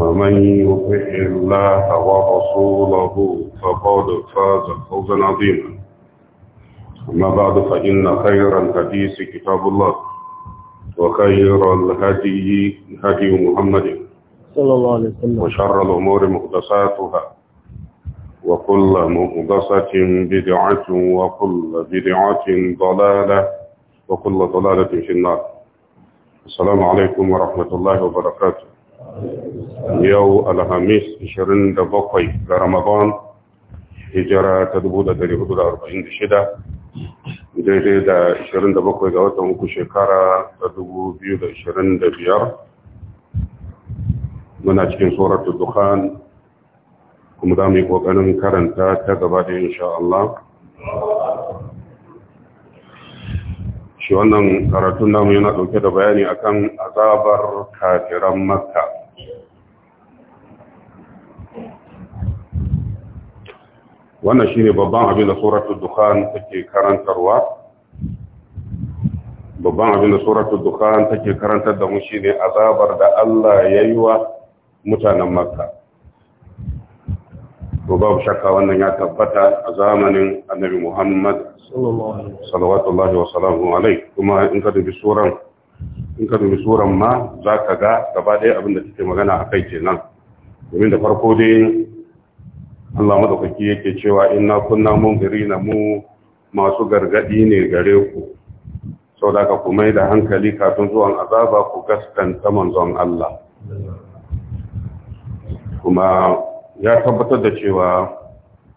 ومن يطع الله ورسوله فقد فاز فوزا عظيما أما بعد فإن خير الحديث كتاب الله وخير الهدي هدي محمد صلى الله عليه وسلم وشر الأمور مقدساتها وكل مقدسة بدعة وكل بدعة ضلالة وكل ضلالة في النار السلام عليكم ورحمة الله وبركاته yau alhamis 27 ga ramadan hijira ta 1446 daidai da 27 ga watan uku shekara ta 2025 muna cikin tsoron dukkan kuma za mu yi ƙoƙarin karanta ta gaba da insha Allah shi wannan karatun namu yana dauke da bayani akan azabar kafiran makka wannan shine babban abin da suratul dukhan take karantarwa babban abin da suratul dukhan take karantar da mu shine azabar da Allah ya yi wa mutanen makka to babu shakka wannan ya tabbata a zamanin annabi muhammad sallallahu wa salamu kuma in ka dubi suran in ka dubi suran ma za ka ga gaba ɗaya abin da take magana a kai kenan domin da farko dai Allah madaukaki yake cewa inna kunna na mu masu gargaɗi ne gare ku sau da ka kuma da hankali kafin zuwan azaba ku gaskanta manzon Allah kuma ya tabbatar da cewa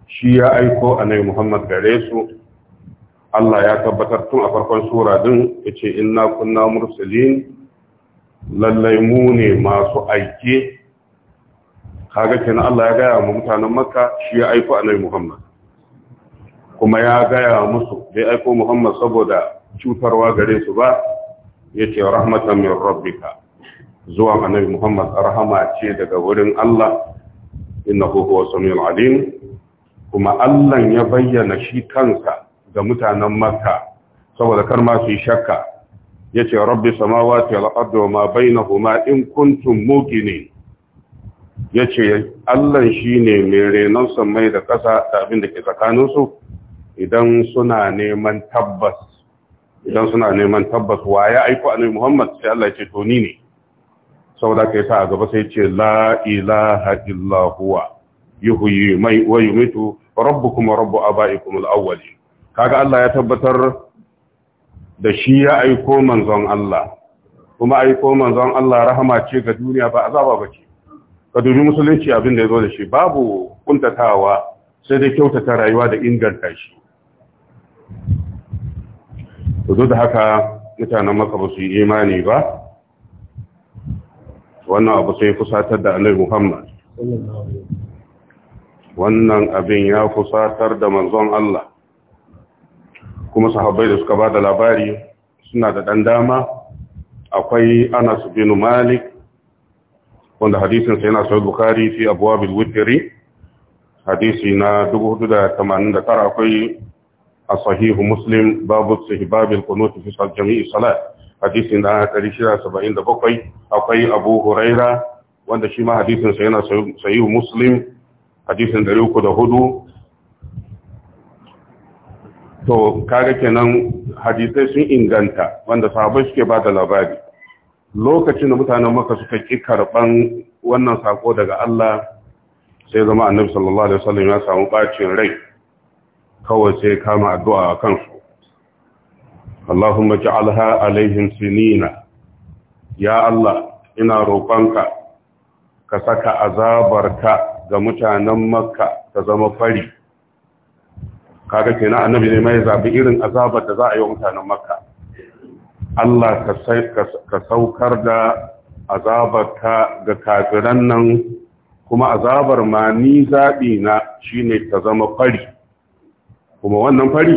shi ya aiko annabi Muhammad gare su Allah ya tabbatar tun a farkon sura din yace inna kunna mursalin lallai mu ne masu aike kaga kenan Allah ya gaya wa mutanen makka shi ya aiko annabi Muhammad kuma ya gaya musu bai aiko Muhammad saboda cutarwa gare su ba yace rahmatan min rabbika zuwa annabi Muhammad rahama ce daga wurin Allah innahu huwa samiul alim kuma Allah ya bayyana shi kansa ga mutanen makka saboda kar ma su yi shakka yace rabbi samawati wal ardi wa ma bainahuma in kuntum muqinin ya ce Allah shi ne mai renon samai da ƙasa da abin da ke tsakaninsu idan suna neman tabbas idan wa ya aiko nai Muhammad sai Allah ce to ni ne da ke sa a gaba sai ce la ilaha illa yi huyi mai wa yumitu rabbukum wa rabbu kuma al kaga Allah ya tabbatar da shi ya aiko manzon Allah kuma aiko manzon Allah rahama ce ga duniya ba a azaba bace ka dubi musulunci abin da ya zo da shi babu kuntatawa sai dai kyautata rayuwa da inganta shi zo da haka mutanen maka ba su yi imani ba wannan abu sai kusatar da annabi muhammad wannan abin ya kusatar da manzon Allah kuma sahabbai da suka ba da labari suna da ɗan dama akwai anas bin malik wanda hadisin sai yana sahih bukhari fi abwab al-witri hadisi na da tara akwai as-sahih muslim babu sahibab al-qunut fi jami'i salat hadisin da 677 akwai abu huraira wanda shi ma hadisin sai yana sahih muslim hadisin 304 to kaga kenan hadisai sun inganta wanda sahabbai suke ba da labari lokacin da mutanen maka suka ƙi karɓan wannan sako daga Allah sai zama annabi sallallahu alaihi wasallam ya samu bacin rai kawai sai kama addu'a a kansu Allahumma ja'alha alaihim sinina ya Allah ina roƙonka ka saka azabarka ga mutanen makka ta zama fari kaga kenan annabi ne mai zaɓi irin azabar da za a yi wa mutanen makka Allah ka saukar da azabarka ga kafiran nan kuma azabar ma ni zaɓi na shine ta zama fari kuma wannan fari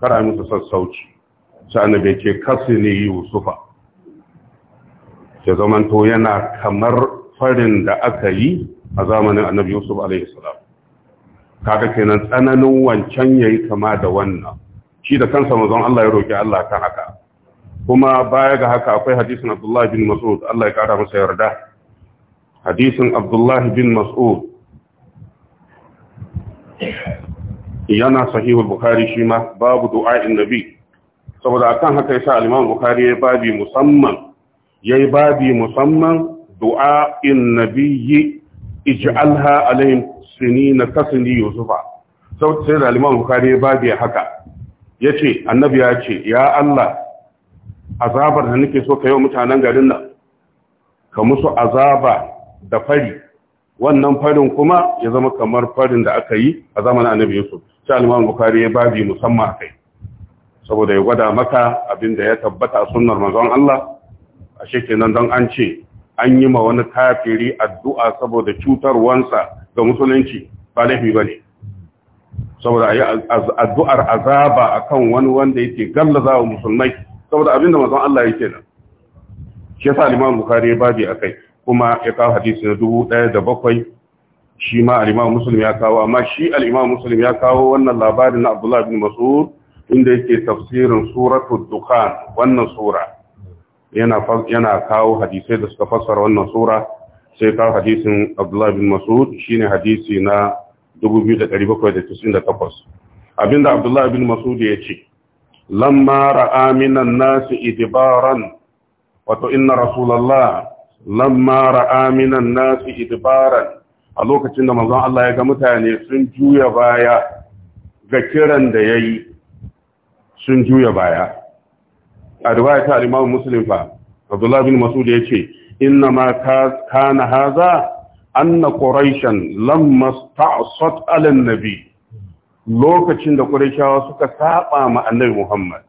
kara musu sassauci sa'ana bai ce kasu ne yusufa ya zamanto yana kamar farin da aka yi a zamanin annabi yusuf alaihissalam kaga kenan tsananin wancan yayi kama da wannan shi da kansa mazan Allah ya roki Allah kan haka kuma baya ga haka akwai hadisin Abdullah bin Mas'ud Allah ya kara masa yarda hadisin Abdullah bin Mas'ud yana sahihul bukhari shi ma babu du'a'in nabi saboda akan haka yasa al-Imam Bukhari ya babi musamman yayi babi musamman du'a'in nabi ij'alha alaihim sinina kasni yusufa saboda sai al-Imam Bukhari ya babi haka yace annabi ya ce ya Allah azabar da nake so ka yi wa mutanen garin nan ka musu azaba da fari wannan farin kuma ya zama kamar farin da aka yi a zamanin annabi yusuf sai al-imam bukhari ya babi musamman kai. saboda ya gwada maka abin da ya tabbata a sunnar manzon Allah a shekenan don an ce an yi ma wani kafiri addu'a saboda cutarwansa ga musulunci ba laifi ba ne saboda a yi addu'ar azaba akan kan wani wanda yake gallaza wa musulmai saboda abin da mazan Allah yake nan shi yasa bukari ya babi kai. kuma ya kawo hadisi na dubu da bakwai shi ma al musulmi ya kawo amma shi al musulmi ya kawo wannan labarin na Abdullahi bin Mas'ud inda yake tafsirin suratu dukan wannan sura yana yana kawo hadisai da suka fassara wannan sura sai kawo hadisin Abdullahi bin Mas'ud shine hadisi na dubu biyu da da da bakwai takwas. abinda Abdullahi bin Mas'ud ya ce lamma ra'a minan nasi idbaran wato inna rasulallah lamma ra'a minan nasi idbaran a lokacin da manzon Allah ya ga mutane sun juya baya ga kiran da yayi sun juya baya a riwaya ta Imam Muslim fa Abdullah bin Mas'ud yace inna ma kana haza anna quraishan lamma sta'sat ala nabi lokacin da Qurayshawa suka saba ma Annabi Muhammad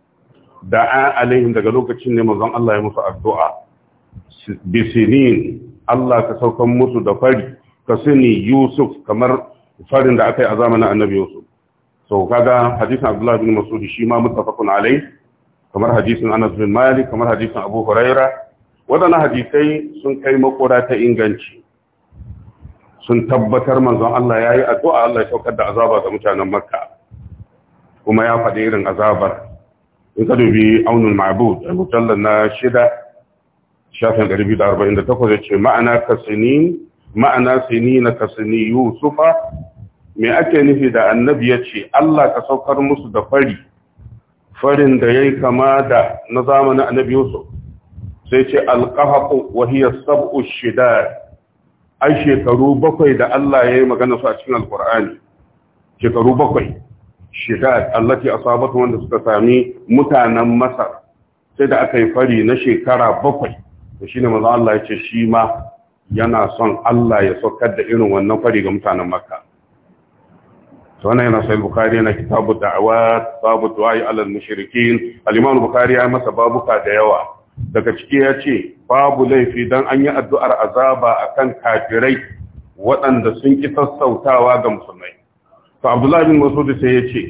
da'a alaihim daga lokacin ne manzon Allah ya musu addu'a sinin Allah ka saukan musu da fari ka sani Yusuf kamar farin da aka yi a zamanin Annabi Yusuf so kaga hadisin Abdullah bin Mas'ud shi ma muttafaqun alai kamar hadisin Anas bin Malik kamar hadisin Abu Huraira wadannan hadisai sun kai makora ta inganci sun tabbatar manzon Allah ya yi addu'a Allah ya saukar da azaba ga mutanen Makka kuma ya faɗi irin azabar in ka dubi aunin ma'abu, a mutallar na shida shafin takwas ya ce ma'ana kasini ma'ana sini na kasini yusufa me ake nufi da annabi ya ce Allah ka saukar musu da fari farin da ya yi kama da na zamanin annabi yusuf sai ce alƙahaku wahiyar sab'u shida ai shekaru bakwai da Allah ya yi magana su a cikin alkur'ani shekaru bakwai shekara allati asabatu wanda suka sami mutanen masar sai da aka yi fari na shekara bakwai da ne manzo Allah ya ce shi ma yana son Allah ya saukar da irin wannan fari ga mutanen makka to wannan yana sai bukhari yana kitabu da'awat babu du'a ala mushrikin al-imam bukhari ya masa babuka da yawa daga ciki ya ce babu laifi don an yi addu'ar azaba a kan kafirai waɗanda sun ƙi sassautawa ga musulmai. To, Abdullahi bin Masudu sai ya ce,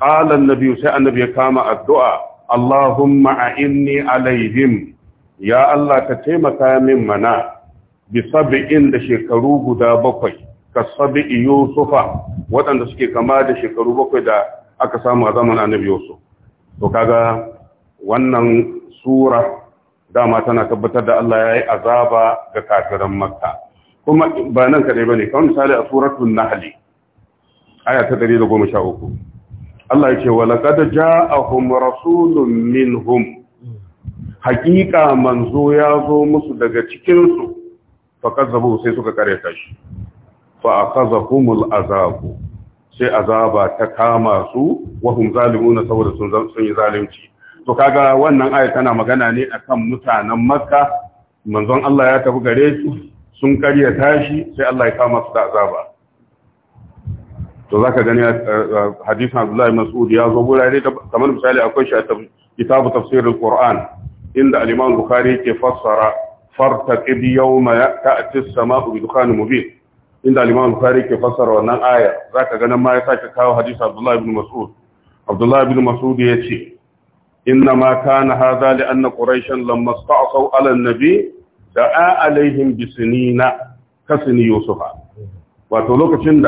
ƙalan na biyu sai annabi ya kama addu'a, Allahumma a inni alaihim, ya Allah ka taimaka min mana, bi sabi'in da shekaru guda bakwai, ka sabi'i Yusufa waɗanda suke kama da shekaru bakwai da aka samu a zaman annabi Yusuf. To, kaga wannan sura dama tana tabbatar da Allah ya yi azaba ga kafiran makka kuma ba nan kaɗai ba ne kawai misali a suratun Nahali, aya ta 113 Allah ya ce wa laqad ja'ahum rasulun minhum haqiqa manzo ya zo musu daga cikin su fa kazzabu sai suka ta shi fa akhazahumul azabu sai azaba ta kama su wahum zalimuna saboda sun yi zalunci to kaga wannan aya tana magana ne akan mutanen makka manzon Allah ya tafi gare su sun karya tashi sai Allah ya kama su da azaba to zaka gani eh, eh, hadisin Abdullahi Mas'ud ya zo gurare kamar misali akwai shi a kitabu tafsirul Qur'an inda al-Imam Bukhari ke fassara fartaqib yawma ta'ti as-sama'u bi dukhanin mubin inda al-Imam Bukhari ke fassara wannan aya zaka ga nan ma ya sake kawo hadisin Abdullahi ibn Mas'ud Abdullahi ibn Mas'ud ya ce إنما كان هذا لأن قريشا لما استعصوا على النبي دعا عليهم بسنين كسن يوسف wato lokacin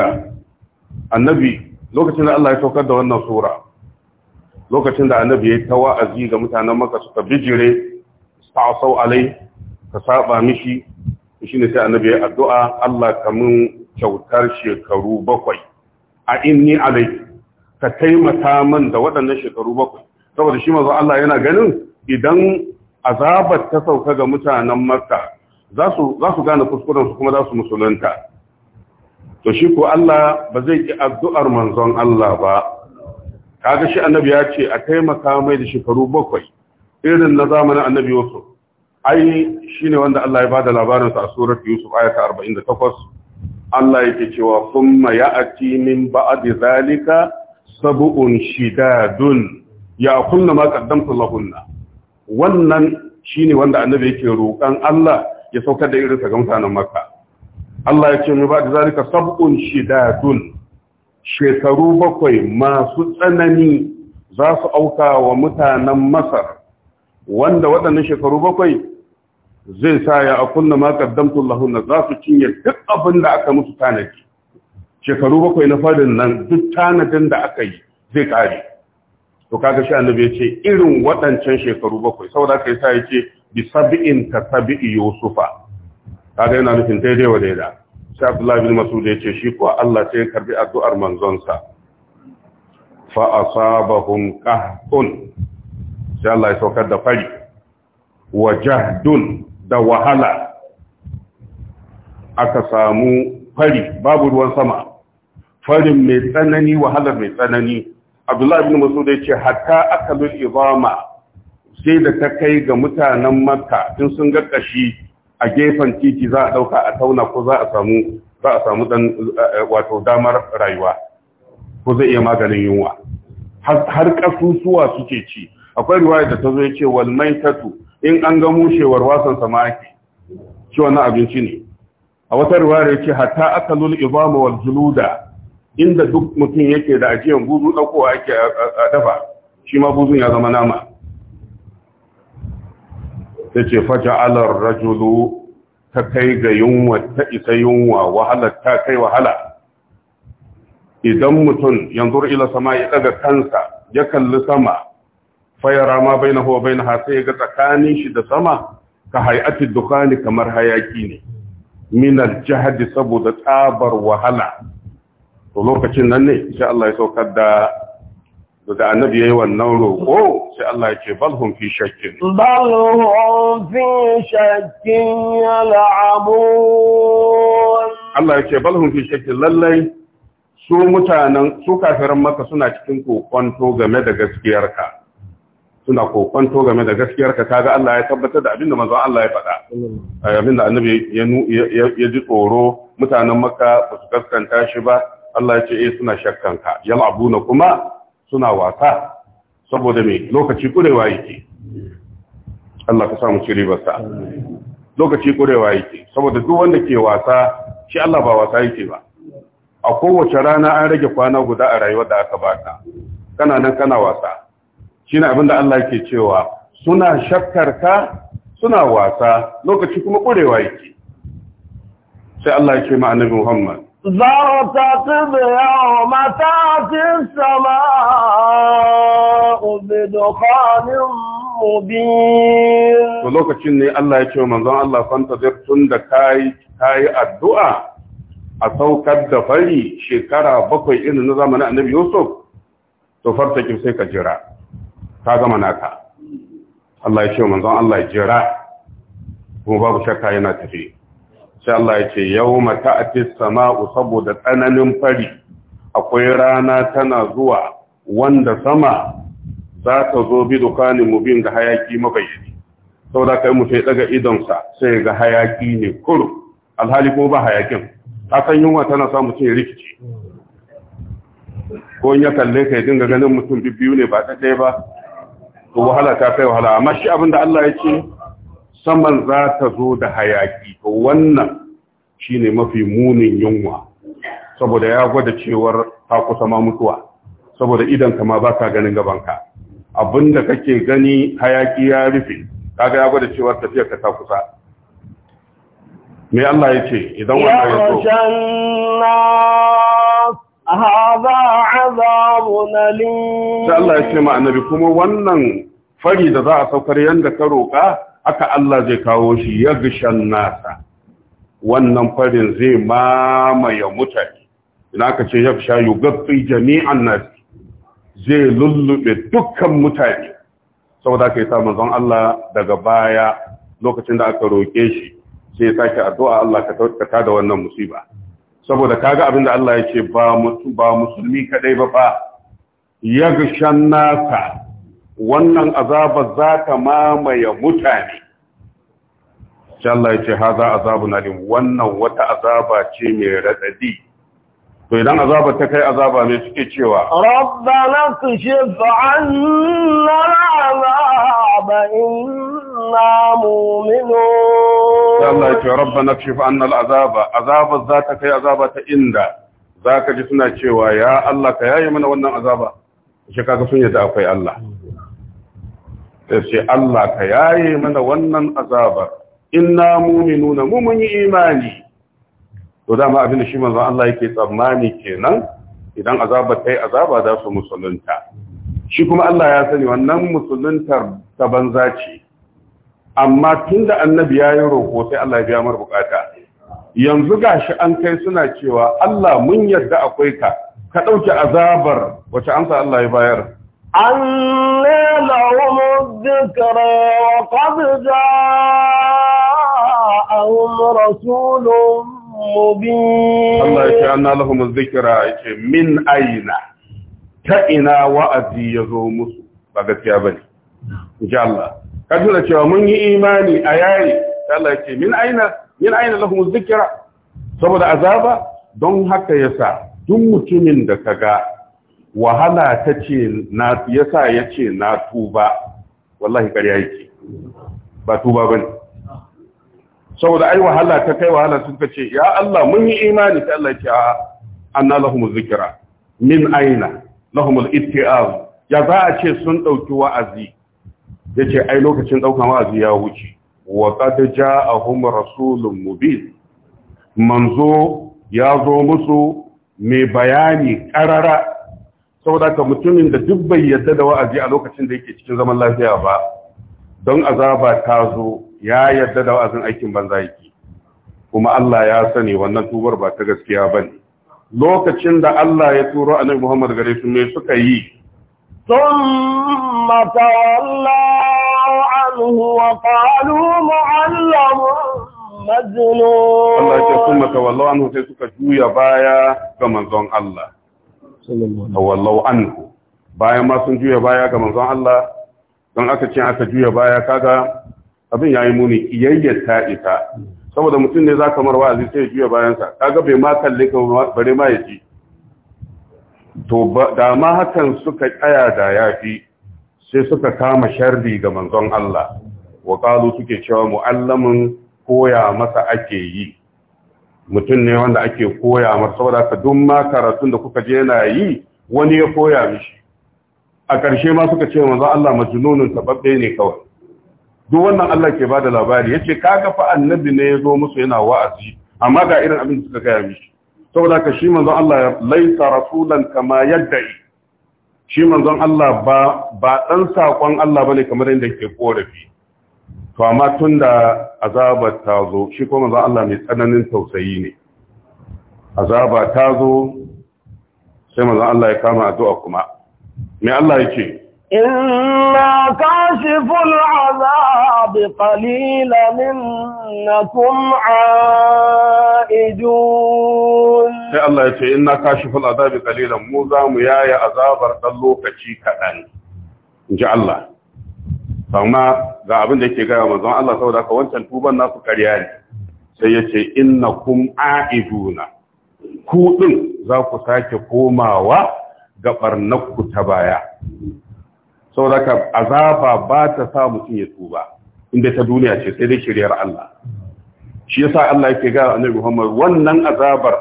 lokacin da Allah ya saukar da wannan sura lokacin da annabi ya ta wa'azi ga mutanen maka suka bijire sta'asau alai ka saba mishi shi ne sai annabi ya addu'a Allah kamun kyautar shekaru bakwai a inni alai ka taimaka man da waɗannan shekaru bakwai saboda shi mazu Allah yana ganin idan azabar ta sauka ga mutanen makka za su gane kuskurensu kuma za su musulunta to shi ko Allah ba zai ki addu'ar manzon Allah ba kaga shi annabi ya ce a taimaka mai da shekaru bakwai irin na zamanin annabi Yusuf ai shine wanda Allah ya ba labarin sa a surat Yusuf aya ta 48 Allah yake cewa thumma ya'ti min da zalika sab'un shidadun ya kunna ma qaddamtu lahunna wannan shine wanda annabi yake roƙan Allah ya saukar da irin sa ga mutanen Makka Allah ya ce mu ba da zalika sab'un shidadun shekaru bakwai masu tsanani za su auka wa mutanen Masar wanda waɗannan shekaru bakwai zai sa ya akunna ma qaddamtu lahunna za su cinye duk abin da aka musu tanadi shekaru bakwai na farin nan duk tanadin da aka yi zai kare to kaga shi annabi ya ce irin waɗancan shekaru bakwai saboda kai sa ya ce bi sab'in ka sab'i yusufa kaga yana nufin daidai wa daida sai abdullahi bin mas'ud ya ce shi kuwa Allah sai ya karbi addu'ar manzonsa fa asabahum qahtun sai Allah ya saukar da fari wa jahdun da wahala aka samu fari babu ruwan sama farin mai tsanani wahalar mai tsanani abdullahi bin masud ya ce hatta aka akalul ibama sai da ta kai ga mutanen makka tun sun ga a gefen titi za a dauka a tauna ko za a samu za eh, wato damar rayuwa ko zai iya maganin yunwa har kasusuwa suke ci akwai riwaya da ta zo ya ce wal maitatu in an ga mushewar wasan sama ake ci abinci ne a wata riwaya ya ce hatta aka akalul ibama wal juluda inda duk mutum yake da ajiyan buzu ɗaukowa ake a dafa shi ma buzun ya zama nama ta ce faja alar rajulu ta kai ga yunwa ta isa yunwa wahala ta kai wahala idan mutum yanzu ila sama ya daga kansa ya kalli sama fayara ma bai na huwa bai na hasa ya ga tsakanin shi da sama ka hayati dukani kamar hayaki ne minar jihadi saboda tsabar wahala to lokacin nan ne insha Allah ya saukar da da annabi yayi wannan roƙo sai Allah yake balhum fi shakkin balhum fi shakkin yal'abun Allah yake balhum fi shakkin lallai su mutanen su kafiran maka suna cikin kokonto game da gaskiyarka suna kokonto game da gaskiyarka kaga Allah ya tabbatar da abinda manzo Allah ya faɗa mm. abinda annabi ya ji tsoro mutanen makka ba su gaskanta shi ba Allah ya ce eh suna shakkanka yal'abuna kuma suna wasa saboda me lokaci kurewa yake Allah ka mu ci ribarsa lokaci kurewa yake saboda duk wanda ke wasa shi Allah ba wasa yake ba a kowace rana an rage kwana guda a rayuwar da aka baka kana nan kana wasa shine abinda Allah yake cewa suna shakkarka suna wasa lokaci kuma kurewa yake sai Allah ya ce ma annabi Muhammad فارتقب يوم تأتي السماء بدخان مبين to lokacin ne Allah ya ce manzon Allah fantazir tun da kai kai addu'a a saukar da fari shekara bakwai irin na zamanin Annabi Yusuf to fartaki sai ka jira ka gama naka Allah ya ce manzon Allah jira kuma babu shakka yana tafi sai Allah ya ce yau mata a sama'u saboda tsananin fari akwai rana tana zuwa wanda sama za ta zo bi mu mubin ga hayaki mabayyani sau da kai mutai daga idonsa sai ga hayaki ne kuru alhali ko ba hayakin san yunwa tana sa mutum ya rikici ko ya kalle kai dinga ganin mutum biyu ne ba ta ɗaya ba to wahala ta kai wahala amma shi abin da Allah ya ce saman za ta zo da hayaki to wannan shine mafi munin yunwa saboda ya gwada cewar ta kusa ma mutuwa saboda idan ma ba ka ganin gabanka abinda kake gani hayaki ya rufe kaga ya gwada cewar tafiyar ka ta kusa me Allah ya ce idan wanda ya zo hada azabun alim sai Allah ya ce ma annabi kuma wannan fari da za a saukar yanda ka roka haka Allah zai kawo shi ya gishan nasa wannan farin zai mamaye mutane ina aka ce ya fi shayu gafi jami'an nasi zai lullube dukkan mutane saboda aka yi samun manzon Allah daga baya lokacin da aka roƙe shi sai sake addu'a Allah ka ta da wannan musiba saboda kaga abin da Allah ya ce ba musulmi kaɗai ba ba ya gishan nasa wannan azaba za ta mamaye mutane insha Allah ya ce haza azabun alim wannan wata azaba ce mai radadi to idan azaba ta kai azaba ne suke cewa rabbana kashif anna al'azaba inna mu'minun Allah ya ce rabbana kashif anna al'azaba azaba za ta kai azaba ta inda zaka ji suna cewa ya Allah ka yaye mana wannan azaba shi kaga sun da akwai Allah sai ce Allah ka yaye mana wannan azabar inna mu'minuna mu mun imani to dama abin da shi manzo Allah yake tsammani kenan idan azabar yi azaba za su musulunta shi kuma Allah ya sani wannan musuluntar ta banza ce amma tun da annabi ya yi roƙo sai Allah ya biya mar bukata yanzu gashi an kai suna cewa Allah mun yarda akwai ka ka ɗauke azabar wace amsa Allah ya bayar أني لهم الذكر وقد جاءهم رسول Allah ya ana min aina ta ina ya yazo musu ba gaskiya bane ne. Allah ka cewa mun yi imani a yari. Allah yake min aina min aina lahum zikra saboda azaba don haka yasa duk mutumin da ka ga. wahala ta ce ya yasa ya ce na tuba wallahi ƙarya yake ba tuba ba ne saboda ai wahala ta kai wahala sun ka ce ya Allah mun yi imani ta Allah ce a anna zikira min aina lahumul ittiaz ya za a ce sun ɗauki wa'azi yace ai lokacin ɗaukan wa'azi ya wuce wa a ja'ahum rasulun mubin manzo ya zo musu mai bayani ƙarara. saboda ka mutumin da duk bai yadda da wa'azi a lokacin da yake cikin zaman lafiya ba don azaba ta zo ya yadda da wa'azin aikin banza yake kuma Allah ya sani wannan tubar ba ta gaskiya ba ne lokacin da Allah ya turo annabi Muhammad gare su me suka yi ثم تولوا عنه وقالوا معلم مجنون الله ya mata tawallu anhu sai suka juya baya ga manzon Allah wallau anhu bayan ma sun juya baya ga manzon Allah don aka ce aka juya baya kaga abin yayi muni iyayyar ta ita saboda mutum ne zaka mar wa'azi sai ya juya bayansa kaga bai ma kalle ka bare ma ya to da ma hakan suka tsaya da yafi sai suka kama sharri ga manzon Allah wa qalu suke cewa muallamin koya masa ake yi mutum ne wanda ake koya mar saboda ka duk ma karatun da kuka je na yi wani ya koya mishi a ƙarshe ma suka ce manzo Allah majnunun tababbe ne kawai duk wannan Allah ke ba da labari yace kaga fa annabi ne yazo musu yana wa'azi amma ga irin abin da suka gaya mishi saboda ka shi manzo Allah laisa rasulan kama yadda'i shi manzon Allah ba ba dan sakon Allah ne kamar yadda yake korafi to amma tun da azabar ta zo shi ko manzon Allah mai tsananin tausayi ne azaba ta zo sai manzon Allah ya kama addu'a kuma me Allah ya yake إنا كاشف العذاب قليلا إنكم عائدون sai Allah ya ce inna kashifal azabi qalilan mu za mu yaya azabar dan lokaci kadan inji Allah amma ga abin da yake gaya manzon Allah saboda ka wancan tuban nasu ƙarya ne sai ya ce innakum a'iduna ku din za ku sake komawa ga barnakku ta baya saboda ka azaba ba ta sa mutum ya tuba inda ta duniya ce sai dai shiryar Allah shi yasa Allah yake ga Annabi Muhammad wannan azabar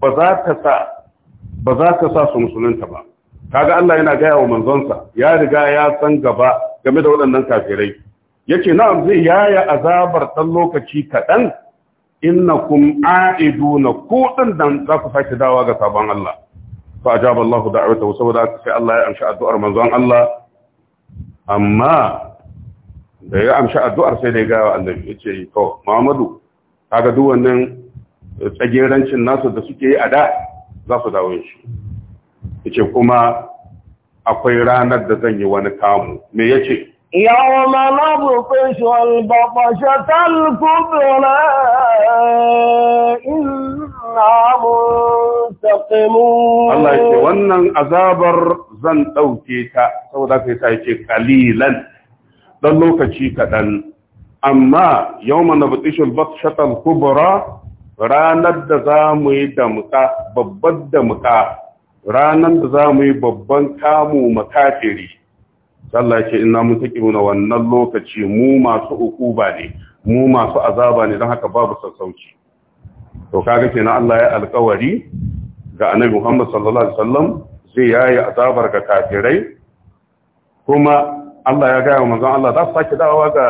ba za ta sa ba za ta sa su musulunta ba kaga Allah yana gaya wa manzonsa ya riga ya san gaba game da waɗannan kafirai yace na'am zai yaya azabar dan lokaci kaɗan innakum a'iduna ku din dan za ku sake dawa ga sabon Allah fa ajaba Allah da'watahu saboda sai Allah ya amsa addu'ar manzon Allah amma da ya amsa addu'ar sai da ya gaya wa annabi yace to Muhammadu kaga duk wannan tsagerancin nasu da suke yi a da za su dawo shi yace kuma akwai ranar da zan yi wani kamu me yace يوم نبطش البطشة الكبرى إنا منتقمون Allah يقول wannan azabar zan ɗauke ta saboda kai ta yake kalilan dan lokaci kaɗan amma yawma nabtishul batshatal kubra ranar da za mu yi damuka babbar damka ranan da za mu yi babban kamu makafiri Allah ce ina mutaqimuna wannan lokaci mu masu ukuba ne mu masu azaba ne don haka babu sassauci to kaga kenan Allah ya alƙawari ga annabi Muhammad sallallahu alaihi wasallam zai yayi azabar ga kafirai kuma Allah ya gaya manzon Allah za su sake dawowa ga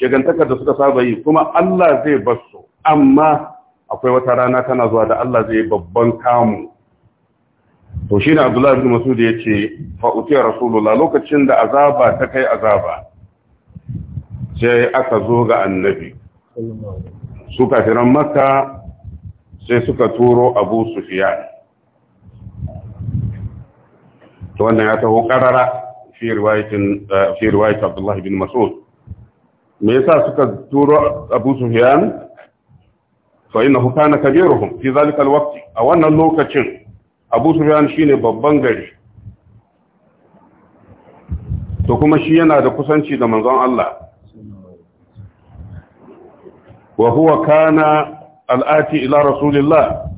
shigantakar da suka saba yi kuma Allah zai bar su amma akwai wata rana tana zuwa da Allah zai babban kamu to shi ne abdullahi bin masud ya ce fa'utiyar rasulullah lokacin da azaba ta kai azaba sai aka zo ga annabi suka kafiran maka sai suka turo abu sufiyan to wannan ya taho karara eh, fi riwayat abdullahi bin masud me yasa suka turo abu sufiyan fa innahu hukana kabiruhum fi zalikal wakti, a wannan lokacin abu shi shine babban gari to kuma shi yana da kusanci da manzon Allah wa huwa kana al'ati ila rasulillah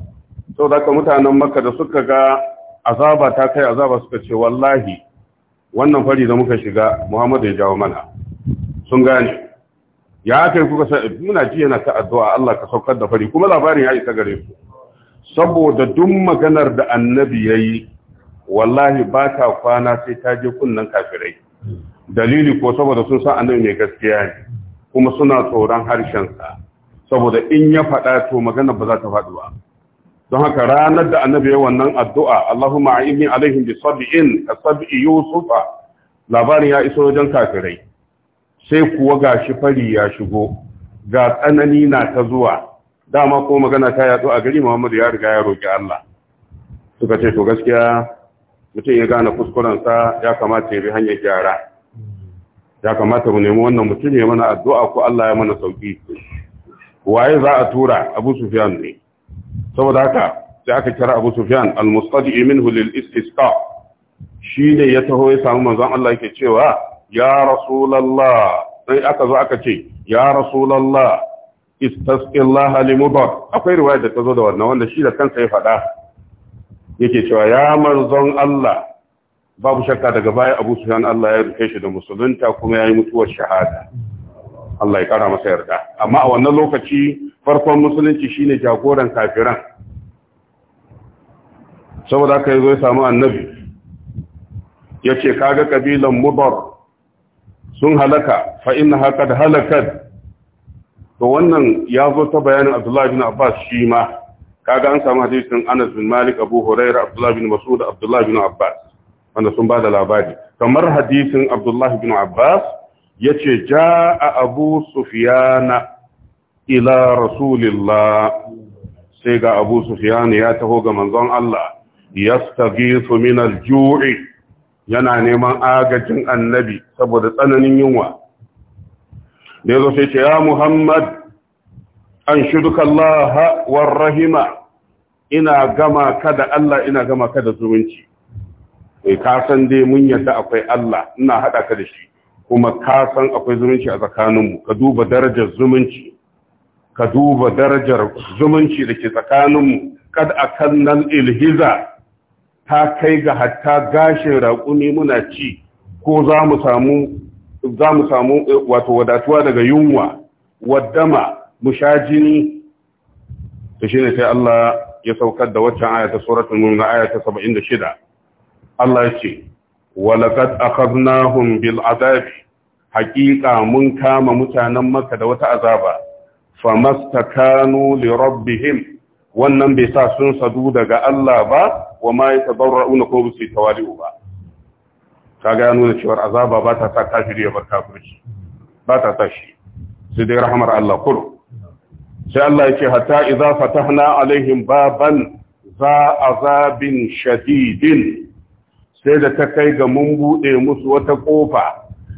to daga mutanen makka da suka ga azaba ta kai azaba suka ce wallahi wannan fari da muka shiga muhammad ya jawo mana sun gane ya kai kuka sa muna ji yana ta addu'a Allah ka saukar da fari kuma labarin ya isa gare su saboda duk maganar da annabi ya yi, wallahi ba ta kwana sai ta je kunnan kafirai dalili ko saboda sun san annabi mai gaskiya ne kuma suna tsoron harshen sa saboda in ya faɗa to maganar ba za ta faɗi ba don haka ranar da annabi ya wannan addu'a Allahumma a'inni alaihim bi sab'in ka sab'i yusufa labarin ya iso wajen kafirai sai kuwa gashi fari ya shigo ga tsanani na ta zuwa dama ko magana ta yaɗo a gari Muhammadu ya riga ya roƙi Allah suka ce to gaskiya mutum ya gane kuskurensa ya kamata ya bi hanyar gyara ya kamata mu nemi wannan mutum ya mana addu'a ko Allah ya mana sauki waye za a tura Abu Sufyan ne saboda haka sai aka kira Abu Sufyan al-mustadi minhu lil istisqa shi ne ya taho ya samu manzon Allah yake cewa ya rasulullah sai aka zo aka ce ya rasulullah istasqillaha limudar akwai riwaya da ta zo da wannan wanda shi da kansa ya faɗa yake cewa ya manzon Allah babu shakka daga baya Abu Sufyan Allah ya rufe shi da musulunta kuma ya yi mutuwar shahada Allah ya kara masa yarda amma a wannan lokaci farkon musulunci shine jagoran kafiran saboda haka yazo ya samu annabi yace kaga kabilan mudar sun halaka fa inna qad halakat to wannan ya zo ta bayanin abdullahi bin abbas shi ma kaga an samu hadisin anas bin malik abu huraira abdullahi bin mas'ud abdullahi bin abbas wanda sun bada labari kamar hadisin abdullahi bin abbas yace jaa abu sufyana ila rasulillah sai ga abu sufyan ya taho ga manzon Allah yastaghiithu min al-ju'i yana neman agajin annabi saboda tsananin yunwa da ya zo sai ce ya muhammad an shuduka Allah war rahima ina gama ka Allah ina gama ka da zumunci eh, ka san dai mun yadda akwai Allah ina hada ka da shi kuma ka san akwai zumunci a tsakaninmu ka duba darajar zumunci ka duba darajar zumunci da ke tsakaninmu kad akan nan ilhiza ta kai ga hatta gashin raƙumi muna ci ko za mu samu za mu samu eh, wato wadatuwa daga yunwa waddama mushajini shi ne sai Allah ya saukar da waccan aya ta suratul mulk aya ta 76 Allah ya ce walaqad akhadnahum bil adab haqiqa mun kama mutanen Makka da wata azaba famastakanu li rabbihim wannan bai sa sun sadu daga Allah ba wa ma yatadarruna ko su tawali'u ba kaga ya nuna cewa azaba ba ta sa kafiri ya bar kafirci ba ta sa shi sai dai rahmar Allah kullu sai Allah yake hatta idza fatahna alaihim baban za azabin shadidin sai da ta kai ga mun bude musu wata kofa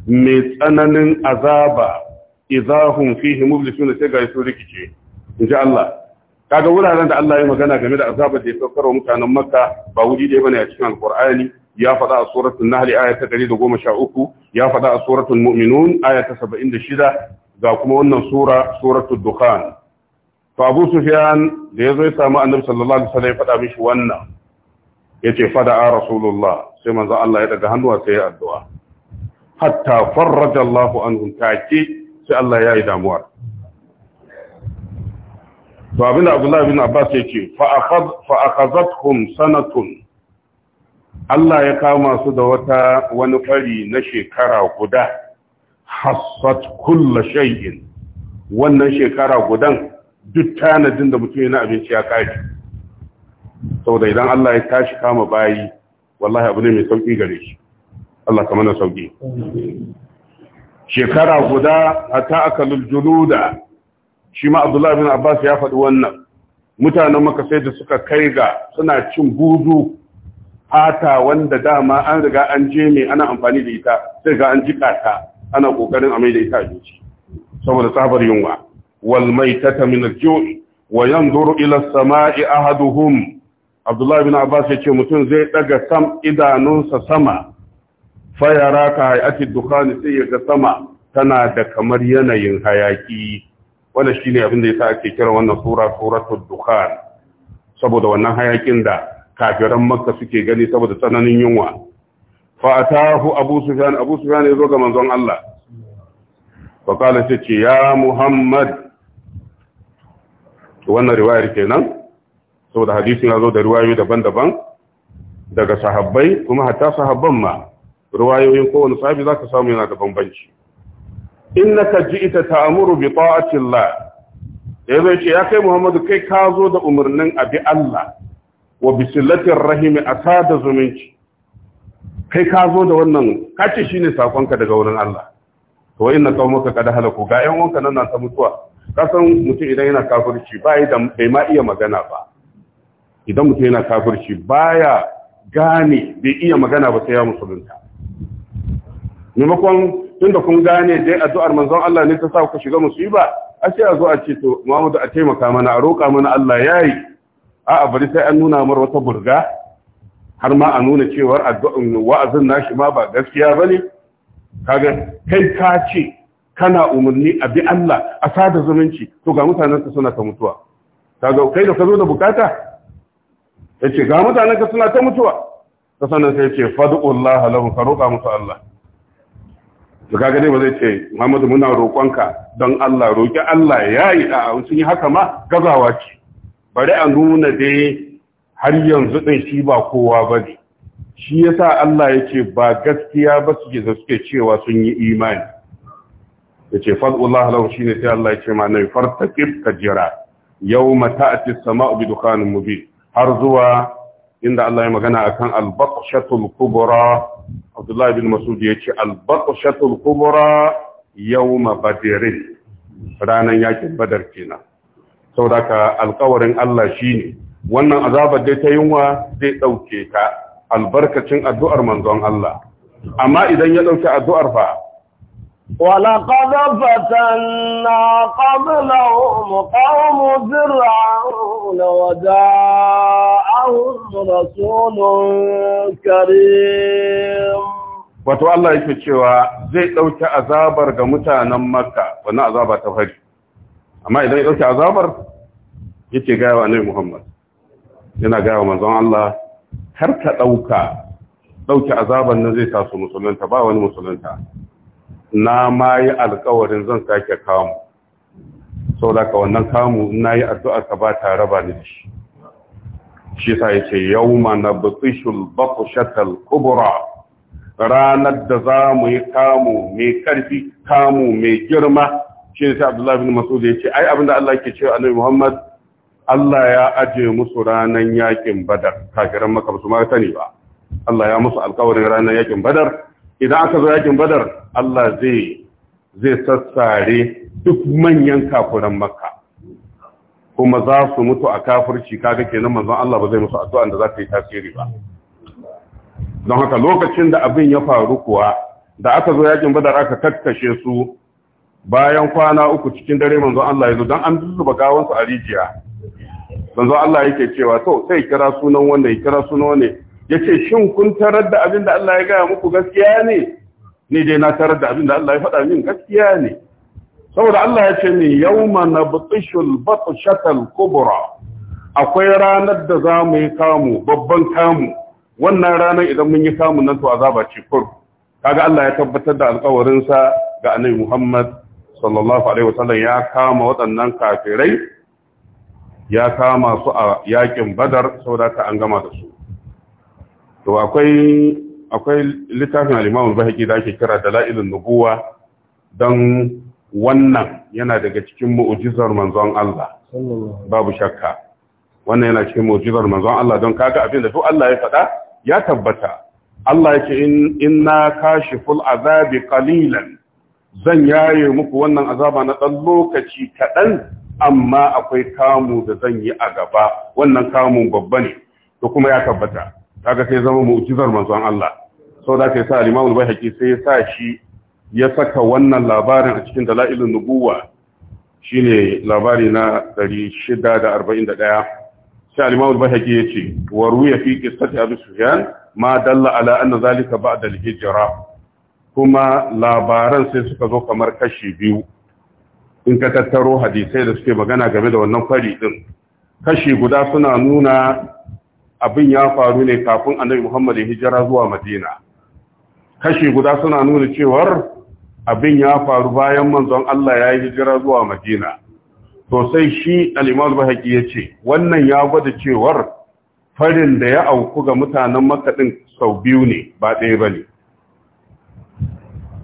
mai tsananin azaba idahum fihi mublisun sai ga su rikice inji Allah kaga wuraren da Allah ya magana game da azabar da ya saukar wa mutanen Makka ba wuri ɗaya bane a cikin Alƙur'ani ya faɗa a suratul nahl aya ta 113 ya faɗa a suratul mu'minun aya ta 76 ga kuma wannan sura suratul dukhan to Abu Sufyan da yazo ya samu Annabi sallallahu alaihi wasallam ya faɗa mishi wannan yace faɗa a Rasulullah sai manzo Allah ya daga hannuwa sai ya addu'a hatta farraja Allahu anhum take sai Allah ya yi damuwa to abinda Abdullah bin Abbas yake fa akhadhatuhum sanatun Allah ya kama su da wata wani fari na shekara guda hassat kulla shay'in wannan shekara gudan duk tanadin da mutum yana abinci ya Sau da idan Allah ya tashi kama bayi wallahi abu ne mai sauki gare shi Allah kamar na sauki shekara guda a akalul juluda shi ma Abdullah bin Abbas ya faɗi wannan mutanen maka da suka kai ga suna cin gudu fata wanda dama an riga an je ne ana amfani da ita sai ga an ji kata ana kokarin a mai da ita abinci saboda tsabar yunwa wal maitata min al-ju' wa yanzuru ila as-sama'i ahaduhum Abdullah ibn Abbas ce mutum zai daga sam idanunsa sama fayara ka hayati dukhan sai ya ga sama tana da kamar yanayin hayaki wannan shine abin da yasa ake kira wannan sura suratul dukhan saboda wannan hayakin da kafiran makka suke gani saboda tsananin yunwa fa atahu abu sufyan abu sufyan yazo zo ga manzon Allah fa kala sai ce ya muhammad wannan riwayar kenan saboda hadisin yazo zo da riwayoyi daban-daban daga sahabbai kuma hatta sahabban ma riwayoyin kowane sahabi zaka samu yana da bambanci innaka ji'ta ta'muru bi ta'ati Allah yayin ce ya kai Muhammadu kai ka zo da umarnin abi Allah wa bisillatir rahimi a sada zumunci kai ka zo da wannan kace shine sakonka daga wurin Allah to wa inna ka da halaku ga yan wanka nan na ta mutuwa kasan mutum idan yana kafirci bai da bai ma iya magana ba idan mutum yana kafirci baya gane bai iya magana ba sai ya musulunta maimakon tunda kun gane dai addu'ar manzon Allah ne ta sa ku shiga musiba a ce a zo a ce to Muhammadu a taimaka mana a roƙa mana Allah yayi a bari sai an nuna mar wata burga har ma a nuna cewar addu'an wa'azin nashi ma ba gaskiya bane kaga kai ka ce kana umarni a bi Allah a sada zumunci to ga mutanen ka suna ta mutuwa kaga kai da ka zo da bukata yace ga mutanen ka suna ta mutuwa ta sanan sai yace fadullah lahu ka roƙa musu Allah to kaga dai ba zai ce Muhammadu muna roƙonka don Allah roƙi Allah yayi da sun yi haka ma gazawa ce bari a nuna dai har yanzu ɗin shi ba kowa ba ne shi yasa Allah yake ba gaskiya ba suke da suke cewa sun yi imani yace fadullah shi shine sai Allah ce ma jira fartaqib kajira yawma ta'ti as-sama'u bi dukhanin mubin har zuwa inda Allah ya magana akan kan baqshatul kubura, Abdullah ibn Mas'ud yace al-baqshatul kubra yawma badr Ranar yakin badar kenan saboda ka alkawarin Allah shi ne. wannan azabar dai ta yunwa zai ɗauke ka albarkacin addu'ar manzon Allah amma idan ya ɗauki addu'ar fa na ولقد فتنا قبلهم قوم فرعون وجاءهم sunan كريم wato Allah yake cewa zai ɗauke azabar ga mutanen Makka wani azabar ta fari amma idan ya dauki azabar yace ga wa annabi Muhammad yana ga wa manzon Allah har ka dauka dauki azabar nan zai taso musulunta ba wani musulunta na ma yi alkawarin zan sake kamu da ka wannan kamu na yi addu'a ka ba ta raba ni da shi shi sa yace yawma nabtishul baqshatal kubra ranar da za mu yi kamu mai karfi kamu mai girma shi sai Abdullahi bin Mas'ud ya ce ai abinda Allah ke cewa Annabi Muhammad Allah ya aje musu ranan yakin Badar kafiran Makka su ma sani ba Allah ya musu alƙawarin ranan yakin Badar idan aka zo yakin Badar Allah zai zai sassare duk manyan kafiran maka. kuma za su mutu a kafirci kaga kenan manzon Allah ba zai musu addu'a da za ta yi tasiri ba don haka lokacin da abin ya faru kuwa da aka zo yakin Badar aka kakkashe su bayan kwana uku cikin dare manzo Allah ya zo don an zuba gawansu a rijiya manzo Allah yake cewa to sai kira sunan wanda ya kira sunan wanda ya shin kun tarar da abin da Allah ya gaya muku gaskiya ne ni dai na tarar da abin da Allah ya faɗa min gaskiya ne saboda Allah ya ce ni yawma nabtishul batshatal kubra akwai ranar da za mu yi kamu babban kamu wannan ranar idan mun yi kamu nan to azaba ce kur kaga Allah ya tabbatar da alƙawarinsa ga Annabi Muhammad sallallahu alaihi wasallam ya kama waɗannan kafirai ya kama su a yakin badar saboda ta an gama da su to akwai akwai littafin al-Imam al da ake kira Dalailun Nubuwa dan wannan yana daga cikin mu'jizar manzon Allah babu shakka wannan yana cikin mu'jizar manzon Allah don kaga abin da duk Allah ya faɗa ya tabbata Allah yake inna kashiful azabi qalilan zan yaye muku wannan azaba na ɗan lokaci kaɗan amma akwai kamu da zan yi a gaba wannan kamun babba ne to kuma ya tabbata kaga sai zama mu'jizar manzon Allah sau da sai sa imam sai ya sa shi ya saka wannan labarin a cikin dalailun nubuwa shine labari na 641 sai al-Imam al-Baihaqi yace wa ruya fi qissati Abu Sufyan ma dalla ala anna zalika ba'da al kuma labaran sai suka zo kamar kashi biyu in ka tattaro hadisai da suke magana game da wannan fari din kashi guda suna nuna abin ya faru ne kafin annabi Muhammad ya hijira zuwa Madina kashi guda suna nuna cewar abin ya faru bayan manzon Allah ya yi hijira zuwa Madina to sai shi al-Imam Bahaqi yace wannan ya gwada cewar farin da ya auku ga mutanen Makka din sau biyu ne ba ɗaya bane